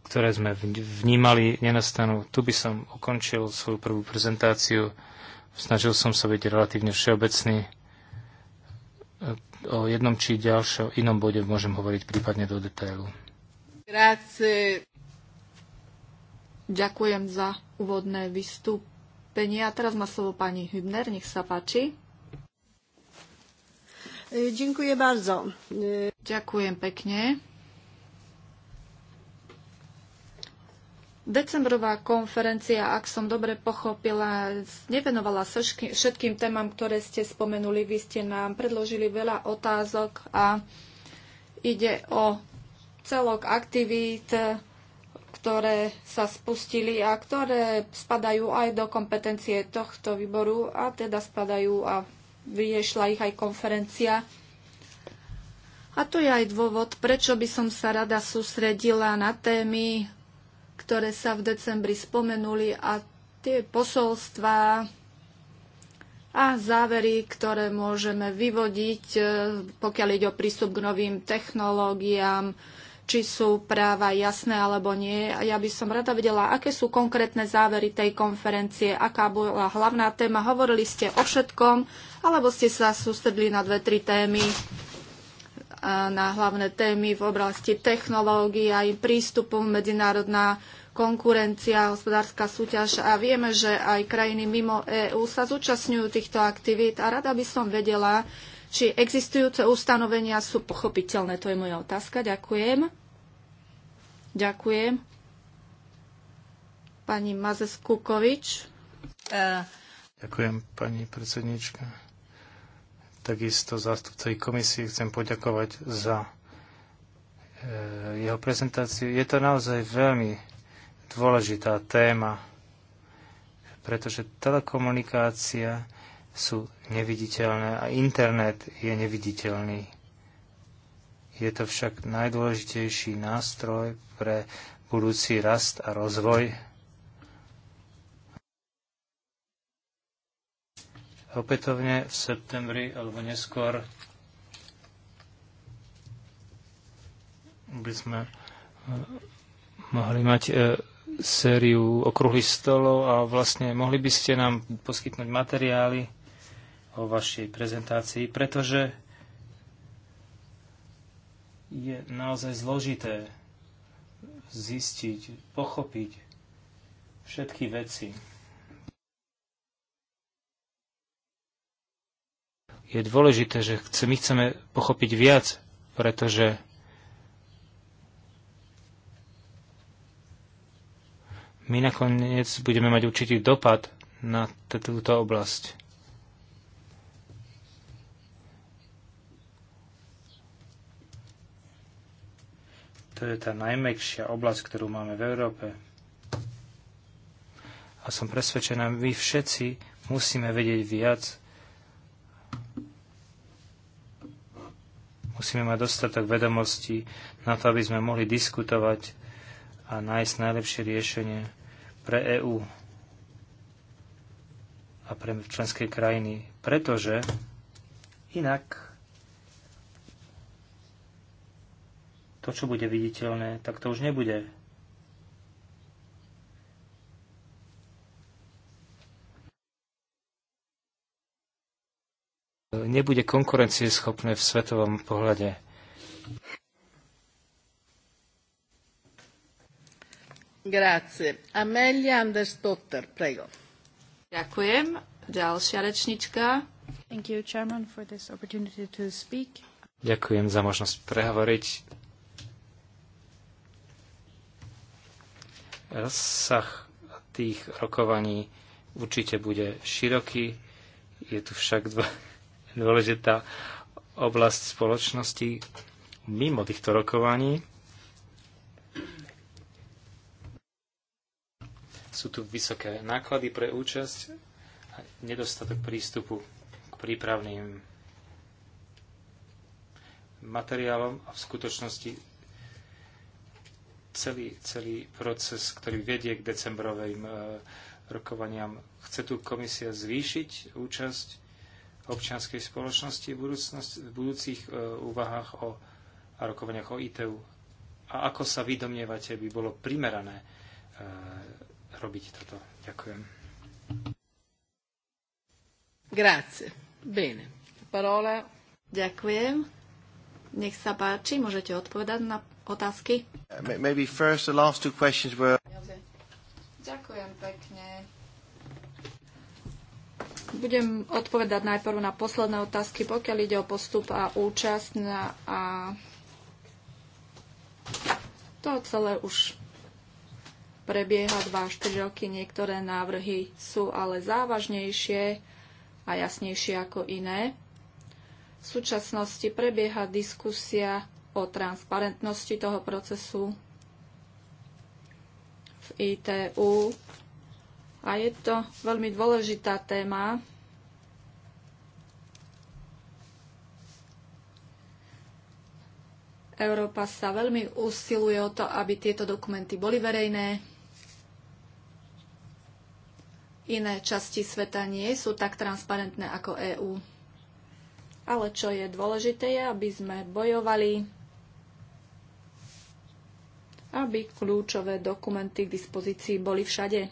ktoré sme vnímali, nenastanú. Tu by som ukončil svoju prvú prezentáciu. Snažil som sa byť relatívne všeobecný. E, o jednom či ďalšom inom bode môžem hovoriť prípadne do detailu. Grazie. Ďakujem za úvodné vystúpenie. A teraz má slovo pani Hübner, nech sa páči. Ďakujem bardzo. Ďakujem pekne. Decembrová konferencia, ak som dobre pochopila, nevenovala sa všetkým témam, ktoré ste spomenuli. Vy ste nám predložili veľa otázok a ide o celok aktivít, ktoré sa spustili a ktoré spadajú aj do kompetencie tohto výboru a teda spadajú a vyriešila ich aj konferencia. A to je aj dôvod, prečo by som sa rada sústredila na témy, ktoré sa v decembri spomenuli a tie posolstvá a závery, ktoré môžeme vyvodiť, eh, pokiaľ ide o prístup k novým technológiám, či sú práva jasné alebo nie. Ja by som rada vedela, aké sú konkrétne závery tej konferencie, aká bola hlavná téma. Hovorili ste o všetkom, alebo ste sa sústredili na dve, tri témy, na hlavné témy v oblasti technológií im prístupu medzinárodná konkurencia, hospodárska súťaž a vieme, že aj krajiny mimo EÚ sa zúčastňujú týchto aktivít a rada by som vedela, či existujúce ustanovenia sú pochopiteľné. To je moja otázka. Ďakujem. Ďakujem. Pani Mazes Kukovič. Eh. Ďakujem, pani predsednička. Takisto zástupcovi komisie chcem poďakovať za eh, jeho prezentáciu. Je to naozaj veľmi dôležitá téma, pretože telekomunikácia sú neviditeľné a internet je neviditeľný. Je to však najdôležitejší nástroj pre budúci rast a rozvoj. Opätovne v septembri alebo neskôr by sme eh, mohli mať eh, sériu okruhých stolov a vlastne mohli by ste nám poskytnúť materiály o vašej prezentácii, pretože je naozaj zložité zistiť, pochopiť všetky veci. Je dôležité, že chce, my chceme pochopiť viac, pretože my nakoniec budeme mať určitý dopad na túto oblasť. To je tá najmekšia oblasť, ktorú máme v Európe. A som presvedčená, my všetci musíme vedieť viac. Musíme mať dostatok vedomostí na to, aby sme mohli diskutovať a nájsť najlepšie riešenie pre EÚ a pre členské krajiny. Pretože inak to, čo bude viditeľné, tak to už nebude. Nebude konkurencieschopné v svetovom pohľade. Grazie. Amelia Andersdotter, prego. Ďakujem. Ďalšia rečnička. Thank you, Chairman, for this opportunity to speak. Ďakujem za možnosť prehovoriť Rozsah tých rokovaní určite bude široký. Je tu však (laughs) dôležitá oblasť spoločnosti mimo týchto rokovaní. Sú tu vysoké náklady pre účasť a nedostatok prístupu k prípravným materiálom a v skutočnosti celý, celý proces, ktorý vedie k decembrovým e, rokovaniam. Chce tu komisia zvýšiť účasť občianskej spoločnosti v, v budúcich e, úvahách o, a rokovaniach o ITU? E a ako sa vy domnievate, by bolo primerané robiť toto? Ďakujem. Grazie. Bene. Parola. Ďakujem. Nech sa páči, môžete odpovedať na otázky? Maybe first, the last two questions were... Ďakujem pekne. Budem odpovedať najprv na posledné otázky, pokiaľ ide o postup a účasť na, a to celé už prebieha 2-4 roky. Niektoré návrhy sú ale závažnejšie a jasnejšie ako iné. V súčasnosti prebieha diskusia o transparentnosti toho procesu v ITU. A je to veľmi dôležitá téma. Európa sa veľmi usiluje o to, aby tieto dokumenty boli verejné. Iné časti sveta nie sú tak transparentné ako EÚ. Ale čo je dôležité, je, aby sme bojovali aby kľúčové dokumenty k dispozícii boli všade.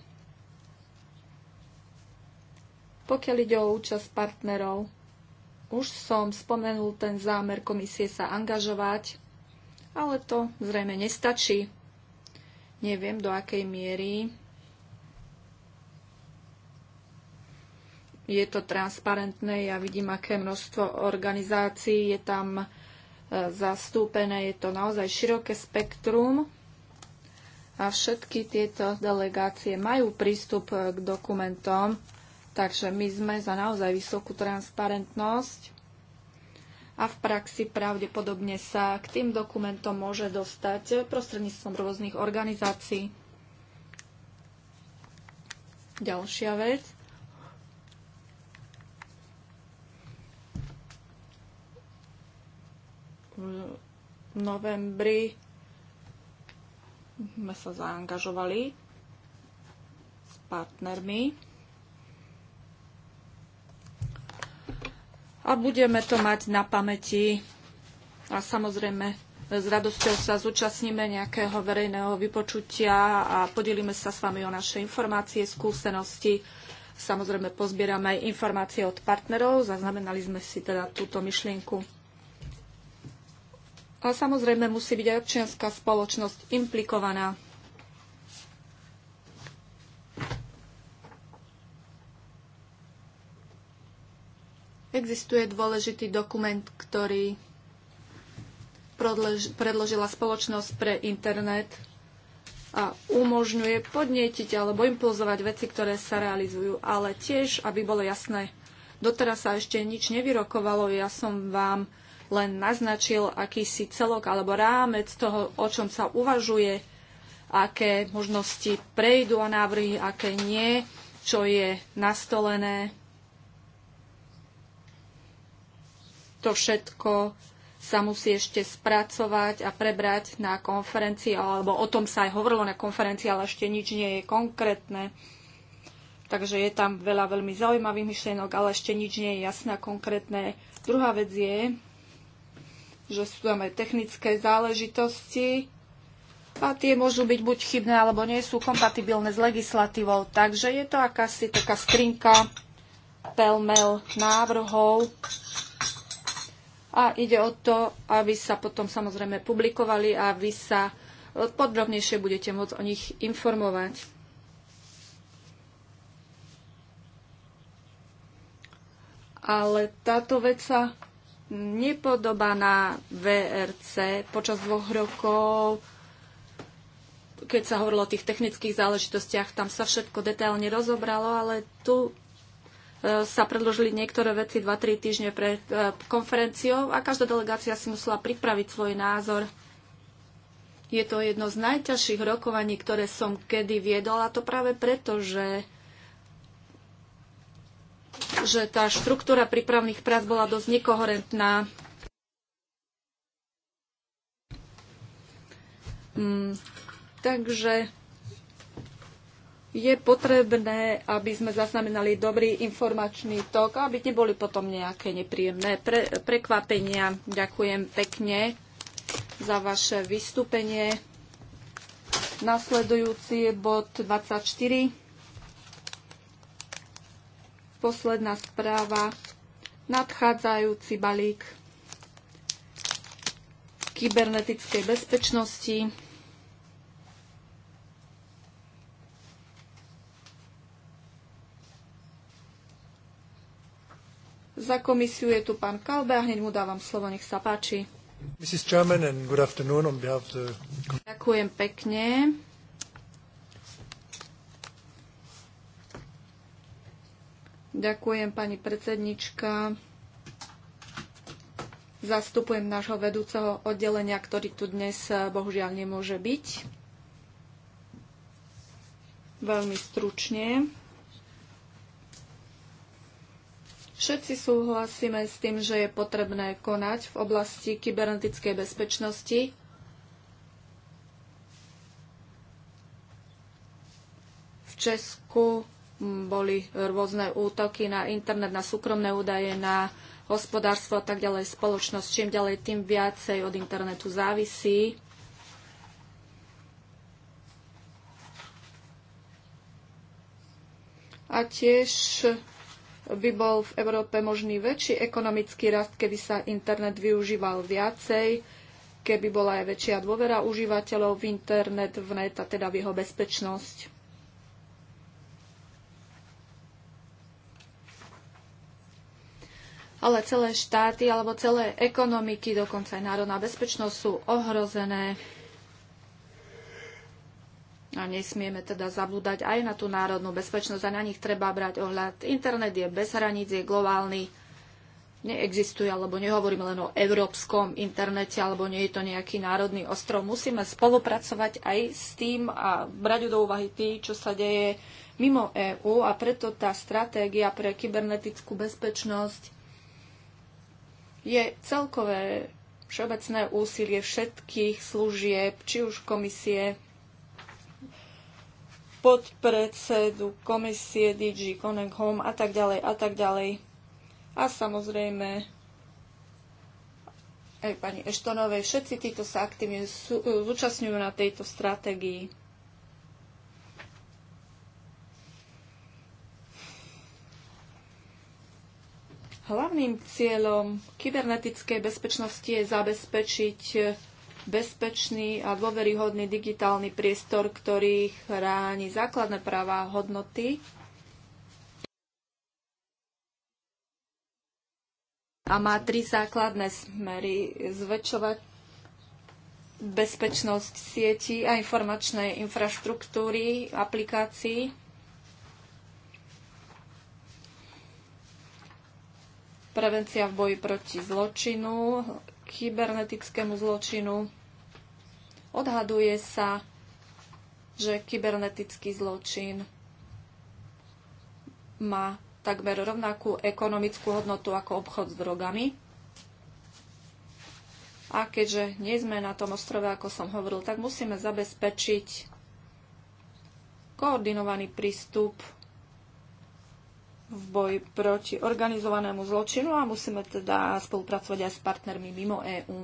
Pokiaľ ide o účasť partnerov, už som spomenul ten zámer komisie sa angažovať, ale to zrejme nestačí. Neviem, do akej miery je to transparentné. Ja vidím, aké množstvo organizácií je tam e, zastúpené. Je to naozaj široké spektrum a všetky tieto delegácie majú prístup k dokumentom, takže my sme za naozaj vysokú transparentnosť a v praxi pravdepodobne sa k tým dokumentom môže dostať prostredníctvom rôznych organizácií. Ďalšia vec. V novembri sme sa zaangažovali s partnermi a budeme to mať na pamäti a samozrejme s radosťou sa zúčastníme nejakého verejného vypočutia a podelíme sa s vami o naše informácie, skúsenosti. Samozrejme pozbierame aj informácie od partnerov, zaznamenali sme si teda túto myšlienku. A samozrejme musí byť aj občianská spoločnosť implikovaná. Existuje dôležitý dokument, ktorý predložila spoločnosť pre internet a umožňuje podnietiť alebo impulzovať veci, ktoré sa realizujú. Ale tiež, aby bolo jasné, doteraz sa ešte nič nevyrokovalo. Ja som vám len naznačil akýsi celok alebo rámec toho, o čom sa uvažuje, aké možnosti prejdú a návrhy, aké nie, čo je nastolené. To všetko sa musí ešte spracovať a prebrať na konferencii, alebo o tom sa aj hovorilo na konferencii, ale ešte nič nie je konkrétne. Takže je tam veľa veľmi zaujímavých myšlienok, ale ešte nič nie je jasné a konkrétne. Druhá vec je, že sú tam aj technické záležitosti a tie môžu byť buď chybné, alebo nie sú kompatibilné s legislatívou. Takže je to akási taká skrinka pelmel návrhov a ide o to, aby sa potom samozrejme publikovali a vy sa podrobnejšie budete môcť o nich informovať. Ale táto vec sa nepodobá na VRC počas dvoch rokov, keď sa hovorilo o tých technických záležitostiach, tam sa všetko detailne rozobralo, ale tu e, sa predložili niektoré veci 2-3 týždne pred e, konferenciou a každá delegácia si musela pripraviť svoj názor. Je to jedno z najťažších rokovaní, ktoré som kedy viedol a to práve preto, že že tá štruktúra prípravných prác bola dosť nekoherentná. Mm, takže je potrebné, aby sme zaznamenali dobrý informačný tok, aby neboli potom nejaké nepríjemné pre, prekvapenia. Ďakujem pekne za vaše vystúpenie. Nasledujúci je bod 24 posledná správa, nadchádzajúci balík kybernetickej bezpečnosti. Za komisiu je tu pán Kalbe a hneď mu dávam slovo, nech sa páči. Ďakujem pekne. Ďakujem, pani predsednička. Zastupujem nášho vedúceho oddelenia, ktorý tu dnes eh, bohužiaľ nemôže byť. Veľmi stručne. Všetci súhlasíme s tým, že je potrebné konať v oblasti kybernetickej bezpečnosti. V Česku boli rôzne útoky na internet, na súkromné údaje, na hospodárstvo a tak ďalej, spoločnosť. Čím ďalej, tým viacej od internetu závisí. A tiež by bol v Európe možný väčší ekonomický rast, keby sa internet využíval viacej, keby bola aj väčšia dôvera užívateľov v internet, v net a teda v jeho bezpečnosť. ale celé štáty alebo celé ekonomiky, dokonca aj národná bezpečnosť sú ohrozené. A nesmieme teda zabúdať aj na tú národnú bezpečnosť a na nich treba brať ohľad. Internet je bez hraníc, je globálny, neexistuje, alebo nehovoríme len o európskom internete, alebo nie je to nejaký národný ostrov. Musíme spolupracovať aj s tým a brať do úvahy tý, čo sa deje mimo EÚ a preto tá stratégia pre kybernetickú bezpečnosť je celkové všeobecné úsilie všetkých služieb, či už komisie, podpredsedu komisie DG Connect Home a tak ďalej a tak ďalej. A samozrejme aj pani Eštonovej, všetci títo sa aktívne zúčastňujú na tejto stratégii. Hlavným cieľom kybernetickej bezpečnosti je zabezpečiť bezpečný a dôveryhodný digitálny priestor, ktorý chráni základné práva a hodnoty a má tri základné smery. Zväčšovať bezpečnosť sieti a informačnej infraštruktúry aplikácií, prevencia v boji proti zločinu, kybernetickému zločinu. Odhaduje sa, že kybernetický zločin má takmer rovnakú ekonomickú hodnotu ako obchod s drogami. A keďže nie sme na tom ostrove, ako som hovoril, tak musíme zabezpečiť koordinovaný prístup v boji proti organizovanému zločinu a musíme teda spolupracovať aj s partnermi mimo EÚ.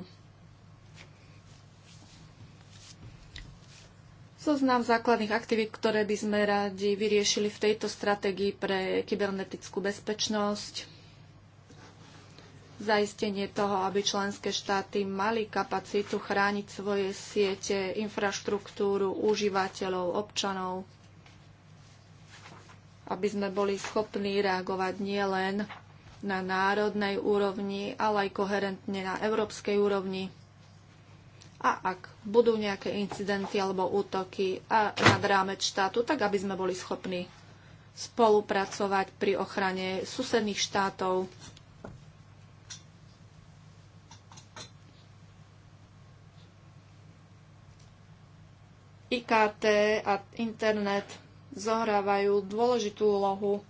Zoznam základných aktivít, ktoré by sme radi vyriešili v tejto stratégii pre kybernetickú bezpečnosť. Zaistenie toho, aby členské štáty mali kapacitu chrániť svoje siete, infraštruktúru, užívateľov, občanov aby sme boli schopní reagovať nielen na národnej úrovni, ale aj koherentne na európskej úrovni. A ak budú nejaké incidenty alebo útoky na rámec štátu, tak aby sme boli schopní spolupracovať pri ochrane susedných štátov. IKT a internet zohrávajú dôležitú úlohu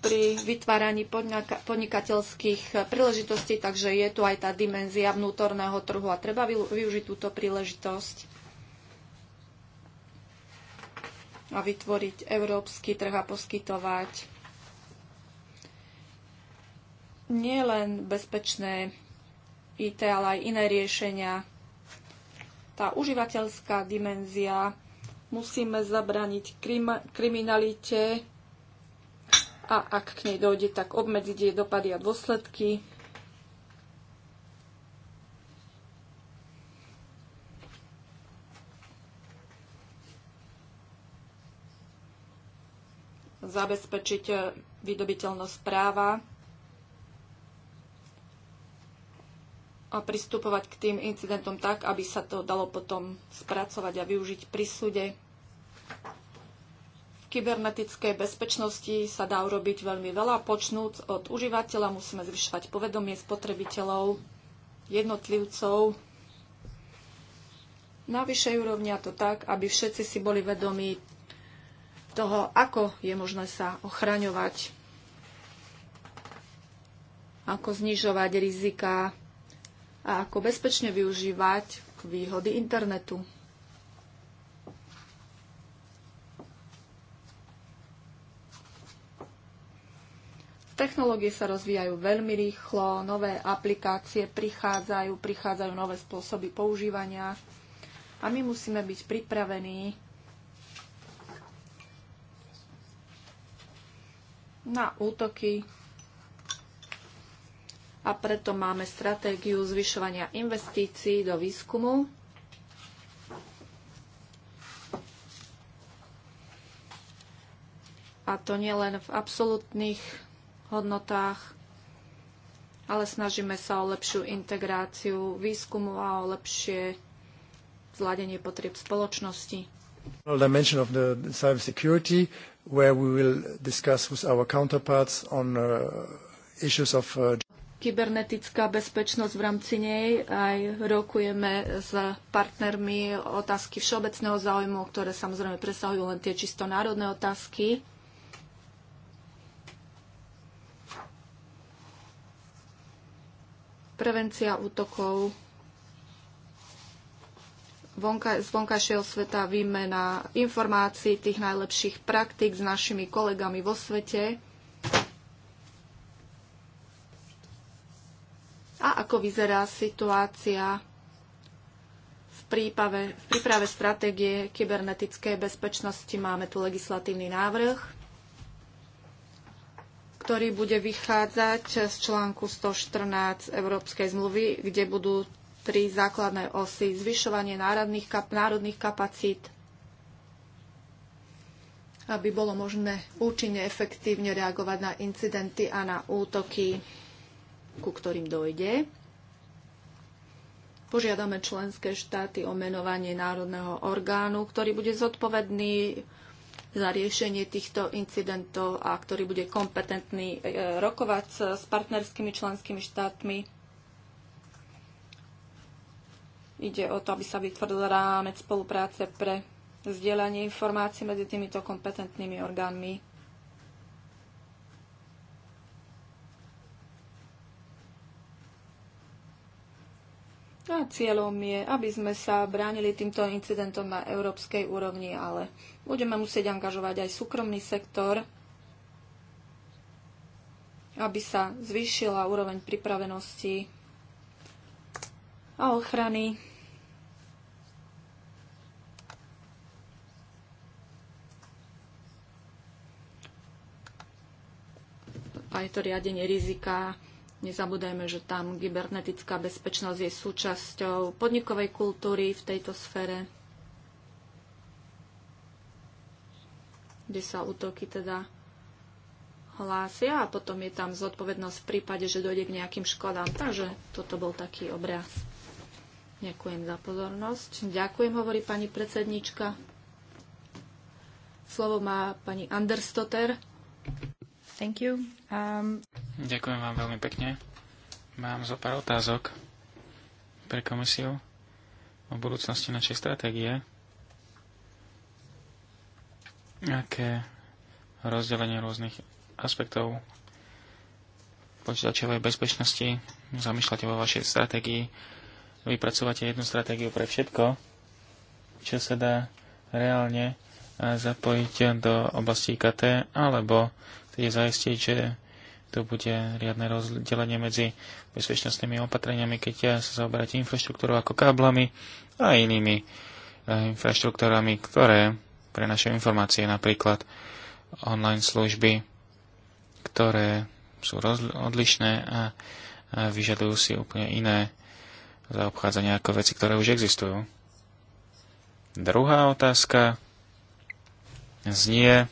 pri vytváraní podnikateľských príležitostí, takže je tu aj tá dimenzia vnútorného trhu a treba využiť túto príležitosť a vytvoriť európsky trh a poskytovať nielen bezpečné IT, ale aj iné riešenia. Tá užívateľská dimenzia Musíme zabraniť krim, kriminalite a ak k nej dojde, tak obmedziť jej dopady a dôsledky. zabezpečiť eh, vydobiteľnosť práva a pristupovať k tým incidentom tak, aby sa to dalo potom spracovať a využiť pri súde. V kybernetickej bezpečnosti sa dá urobiť veľmi veľa, počnúc od užívateľa, musíme zvyšovať povedomie spotrebiteľov, jednotlivcov, na vyššej úrovni a to tak, aby všetci si boli vedomí toho, ako je možné sa ochraňovať, ako znižovať rizika, a ako bezpečne využívať výhody internetu. Technológie sa rozvíjajú veľmi rýchlo, nové aplikácie prichádzajú, prichádzajú nové spôsoby používania a my musíme byť pripravení na útoky a preto máme stratégiu zvyšovania investícií do výskumu. A to nie len v absolútnych hodnotách, ale snažíme sa o lepšiu integráciu výskumu a o lepšie zladenie potrieb spoločnosti. dimension of the cyber security, where we will discuss with our counterparts on uh, issues of uh, kybernetická bezpečnosť v rámci nej. Aj rokujeme s partnermi otázky všeobecného záujmu, ktoré samozrejme presahujú len tie čisto národné otázky. Prevencia útokov z vonkajšieho sveta, výmena informácií, tých najlepších praktik s našimi kolegami vo svete a ako vyzerá situácia v príprave, v príprave stratégie kybernetickej bezpečnosti. Máme tu legislatívny návrh, ktorý bude vychádzať z článku 114 Európskej zmluvy, kde budú tri základné osy. Zvyšovanie národných, kap, národných kapacít, aby bolo možné účinne, efektívne reagovať na incidenty a na útoky ku ktorým dojde. Požiadame členské štáty o menovanie národného orgánu, ktorý bude zodpovedný za riešenie týchto incidentov a ktorý bude kompetentný e, e, rokovať s partnerskými členskými štátmi. Ide o to, aby sa vytvoril rámec spolupráce pre zdieľanie informácií medzi týmito kompetentnými orgánmi. A cieľom je, aby sme sa bránili týmto incidentom na európskej úrovni, ale budeme musieť angažovať aj súkromný sektor, aby sa zvýšila úroveň pripravenosti a ochrany. Aj to riadenie rizika Nezabúdajme, že tam kybernetická bezpečnosť je súčasťou podnikovej kultúry v tejto sfére, kde sa útoky teda hlásia a potom je tam zodpovednosť v prípade, že dojde k nejakým škodám. Takže toto bol taký obraz. Ďakujem za pozornosť. Ďakujem, hovorí pani predsednička. Slovo má pani Anderstoter. Thank you. Um... Ďakujem vám veľmi pekne. Mám zo pár otázok pre komisiu o budúcnosti našej stratégie. Aké rozdelenie rôznych aspektov počítačovej bezpečnosti zamýšľate vo vašej stratégii? Vypracovate jednu stratégiu pre všetko, čo sa dá reálne zapojiť do oblasti IKT alebo tedy zaistiť, že to bude riadne rozdelenie medzi bezpečnostnými opatreniami, keď ja sa zaoberáte infraštruktúrou ako káblami a inými e, infraštruktúrami, ktoré pre naše informácie napríklad online služby, ktoré sú odlišné a, a vyžadujú si úplne iné zaobchádzanie ako veci, ktoré už existujú. Druhá otázka znie,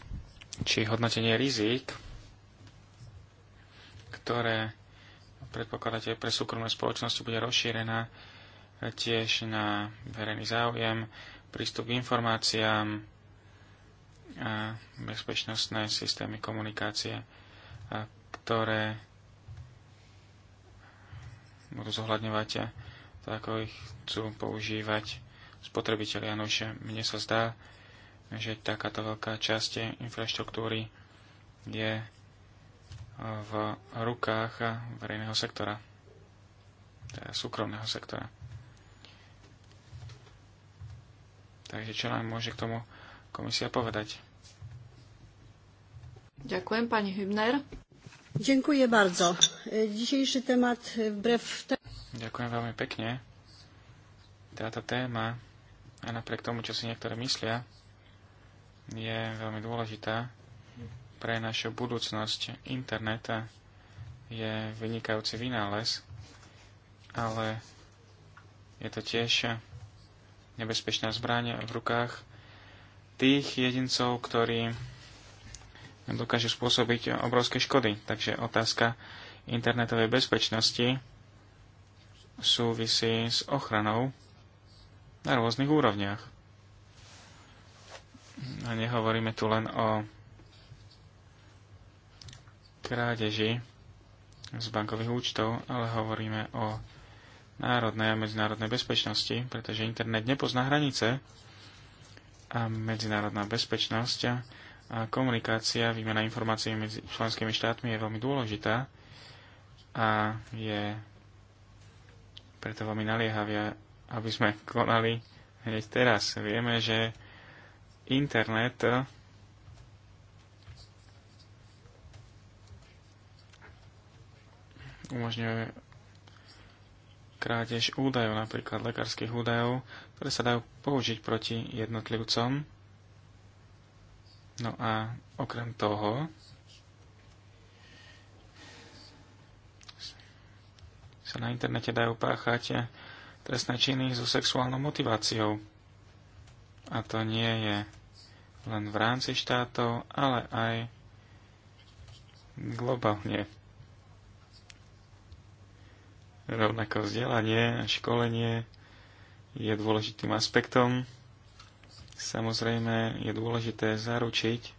či hodnotenie rizik, ktoré predpokladáte pre súkromné spoločnosti, bude rozšírená tiež na verejný záujem, prístup k informáciám a bezpečnostné systémy komunikácie, a ktoré budú zohľadňovať to, ako ich chcú používať spotrebitelia. Nože mne sa zdá, že takáto veľká časť infraštruktúry je e, v rukách verejného sektora, teda súkromného sektora. Takže čo nám môže k tomu komisia povedať? Ďakujem, pani Hübner. Ďakujem bardzo. Dzisiejszy temat wbrew... Ďakujem veľmi pekne. Táto téma, a napriek tomu, čo si niektoré myslia, je veľmi dôležitá pre našu budúcnosť. Internet je vynikajúci vynález, ale je to tiež nebezpečná zbraň v rukách tých jedincov, ktorí dokážu spôsobiť obrovské škody. Takže otázka internetovej bezpečnosti súvisí s ochranou na rôznych úrovniach. A nehovoríme tu len o krádeži z bankových účtov, ale hovoríme o národnej a medzinárodnej bezpečnosti, pretože internet nepozná hranice a medzinárodná bezpečnosť a komunikácia, výmena informácií medzi členskými štátmi je veľmi dôležitá a je preto veľmi naliehavé, aby sme konali hneď teraz. Vieme, že internet eh, umožňuje krádež údajov, napríklad lekárskych údajov, ktoré sa dajú použiť proti jednotlivcom. No a okrem toho sa na internete dajú páchať trestné činy so sexuálnou motiváciou. A to nie je len v rámci štátov, ale aj globálne. Rovnako vzdelanie a školenie je dôležitým aspektom. Samozrejme je dôležité zaručiť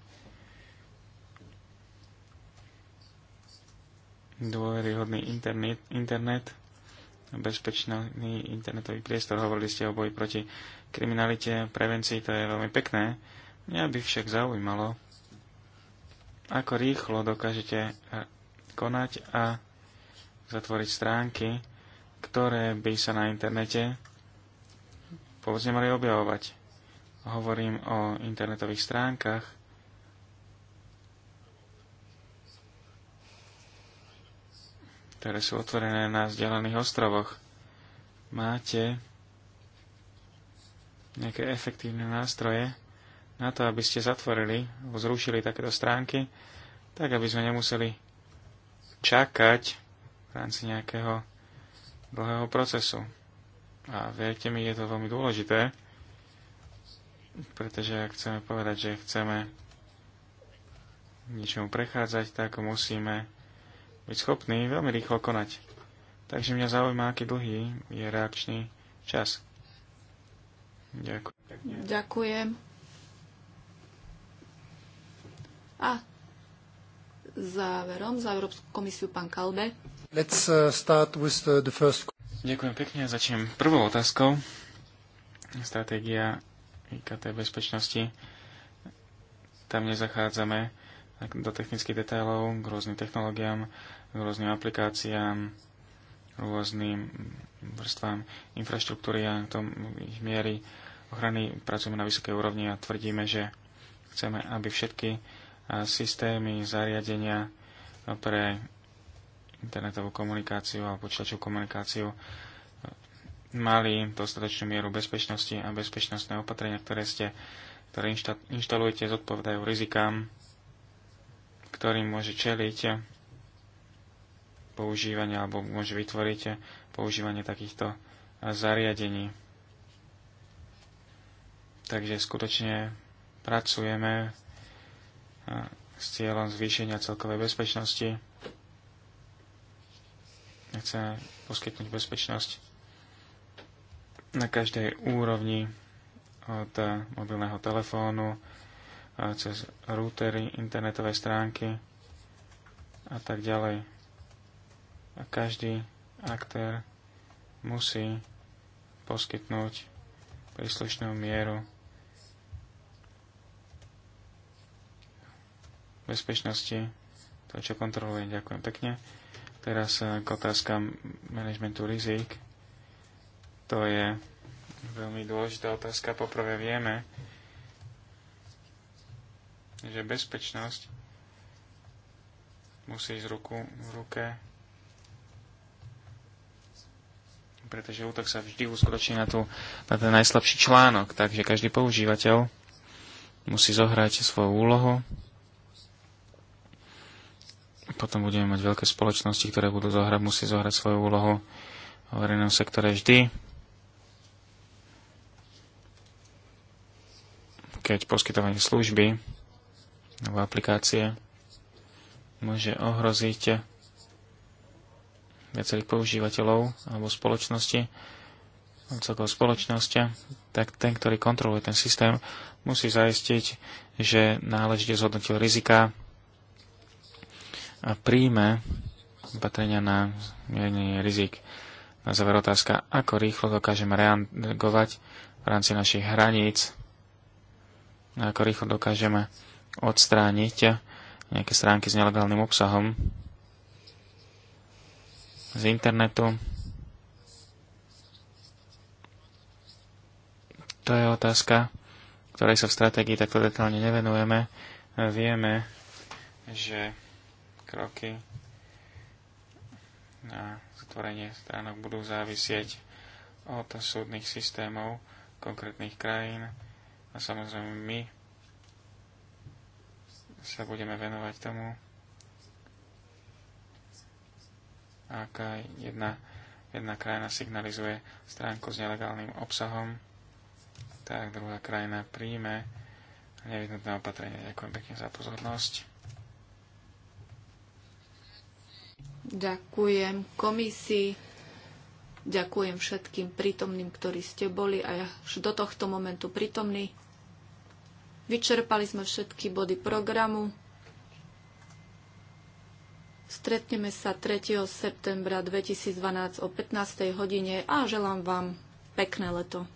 dôveryhodný internet, internet bezpečný internetový priestor. Hovorili ste o boji proti kriminalite, prevencii, to je veľmi pekné. Mňa by však zaujímalo, ako rýchlo dokážete eh, konať a zatvoriť stránky, ktoré by sa na internete povedzme mali objavovať. Hovorím o internetových stránkach, ktoré sú otvorené na vzdialených ostrovoch. Máte nejaké efektívne nástroje na to, aby ste zatvorili alebo zrušili takéto stránky, tak aby sme nemuseli čakať v rámci nejakého dlhého procesu. A verte mi, je to veľmi dôležité, pretože ak chceme povedať, že chceme niečomu prechádzať, tak musíme byť schopný veľmi rýchlo konať. Takže mňa zaujíma, aký dlhý je reakčný čas. Ďakujem. Ďakujem. A záverom za Európsku komisiu pán Kalbe. Let's uh, start with the first... Ďakujem pekne a začnem prvou otázkou. Stratégia IKT bezpečnosti. Tam nezachádzame do technických detailov, k rôznym technológiám, k rôznym aplikáciám, rôznym vrstvám infraštruktúry a tom ich miery ochrany. Pracujeme na vysokej úrovni a tvrdíme, že chceme, aby všetky systémy, zariadenia pre internetovú komunikáciu alebo počítačovú komunikáciu mali dostatočnú mieru bezpečnosti a bezpečnostné opatrenia, ktoré, ste, ktoré inštalujete, zodpovedajú rizikám ktorým môže čeliť používanie alebo môže vytvoriť používanie takýchto zariadení. Takže skutočne pracujeme s cieľom zvýšenia celkovej bezpečnosti. Chceme poskytnúť bezpečnosť na každej úrovni od mobilného telefónu cez routery, internetové stránky a tak ďalej. A každý aktér musí poskytnúť príslušnú mieru bezpečnosti, to, čo kontrolujem. Ďakujem pekne. Teraz eh, k otázkam manažmentu rizik. To je veľmi dôležitá otázka. Poprvé vieme, že bezpečnosť musí ísť ruku v ruke, pretože útok sa vždy uskutoční na, tú, na ten najslabší článok, takže každý používateľ musí zohrať svoju úlohu. Potom budeme mať veľké spoločnosti, ktoré budú zohrať, musí zohrať svoju úlohu v verejnom sektore vždy. Keď poskytovanie služby alebo aplikácie môže ohroziť viacerých používateľov alebo spoločnosti, celkovo spoločnosť, tak ten, ktorý kontroluje ten systém, musí zaistiť, že náležite zhodnotil rizika a príjme opatrenia na mierenie rizik. Na záver otázka, ako rýchlo dokážeme reagovať v rámci našich hraníc, ako rýchlo dokážeme odstrániť nejaké stránky s nelegálnym obsahom z internetu. To je otázka, ktorej sa v stratégii takto detálne nevenujeme. Vieme, že kroky na zatvorenie stránok budú závisieť od súdnych systémov konkrétnych krajín a samozrejme my sa budeme venovať tomu, aká jedna, jedna krajina signalizuje stránku s nelegálnym obsahom, tak druhá krajina príjme nevyhnutné opatrenie. Ďakujem pekne za pozornosť. Ďakujem komisii, ďakujem všetkým prítomným, ktorí ste boli a až do tohto momentu prítomní. Vyčerpali sme všetky body programu. Stretneme sa 3. septembra 2012 o 15. hodine a želám vám pekné leto.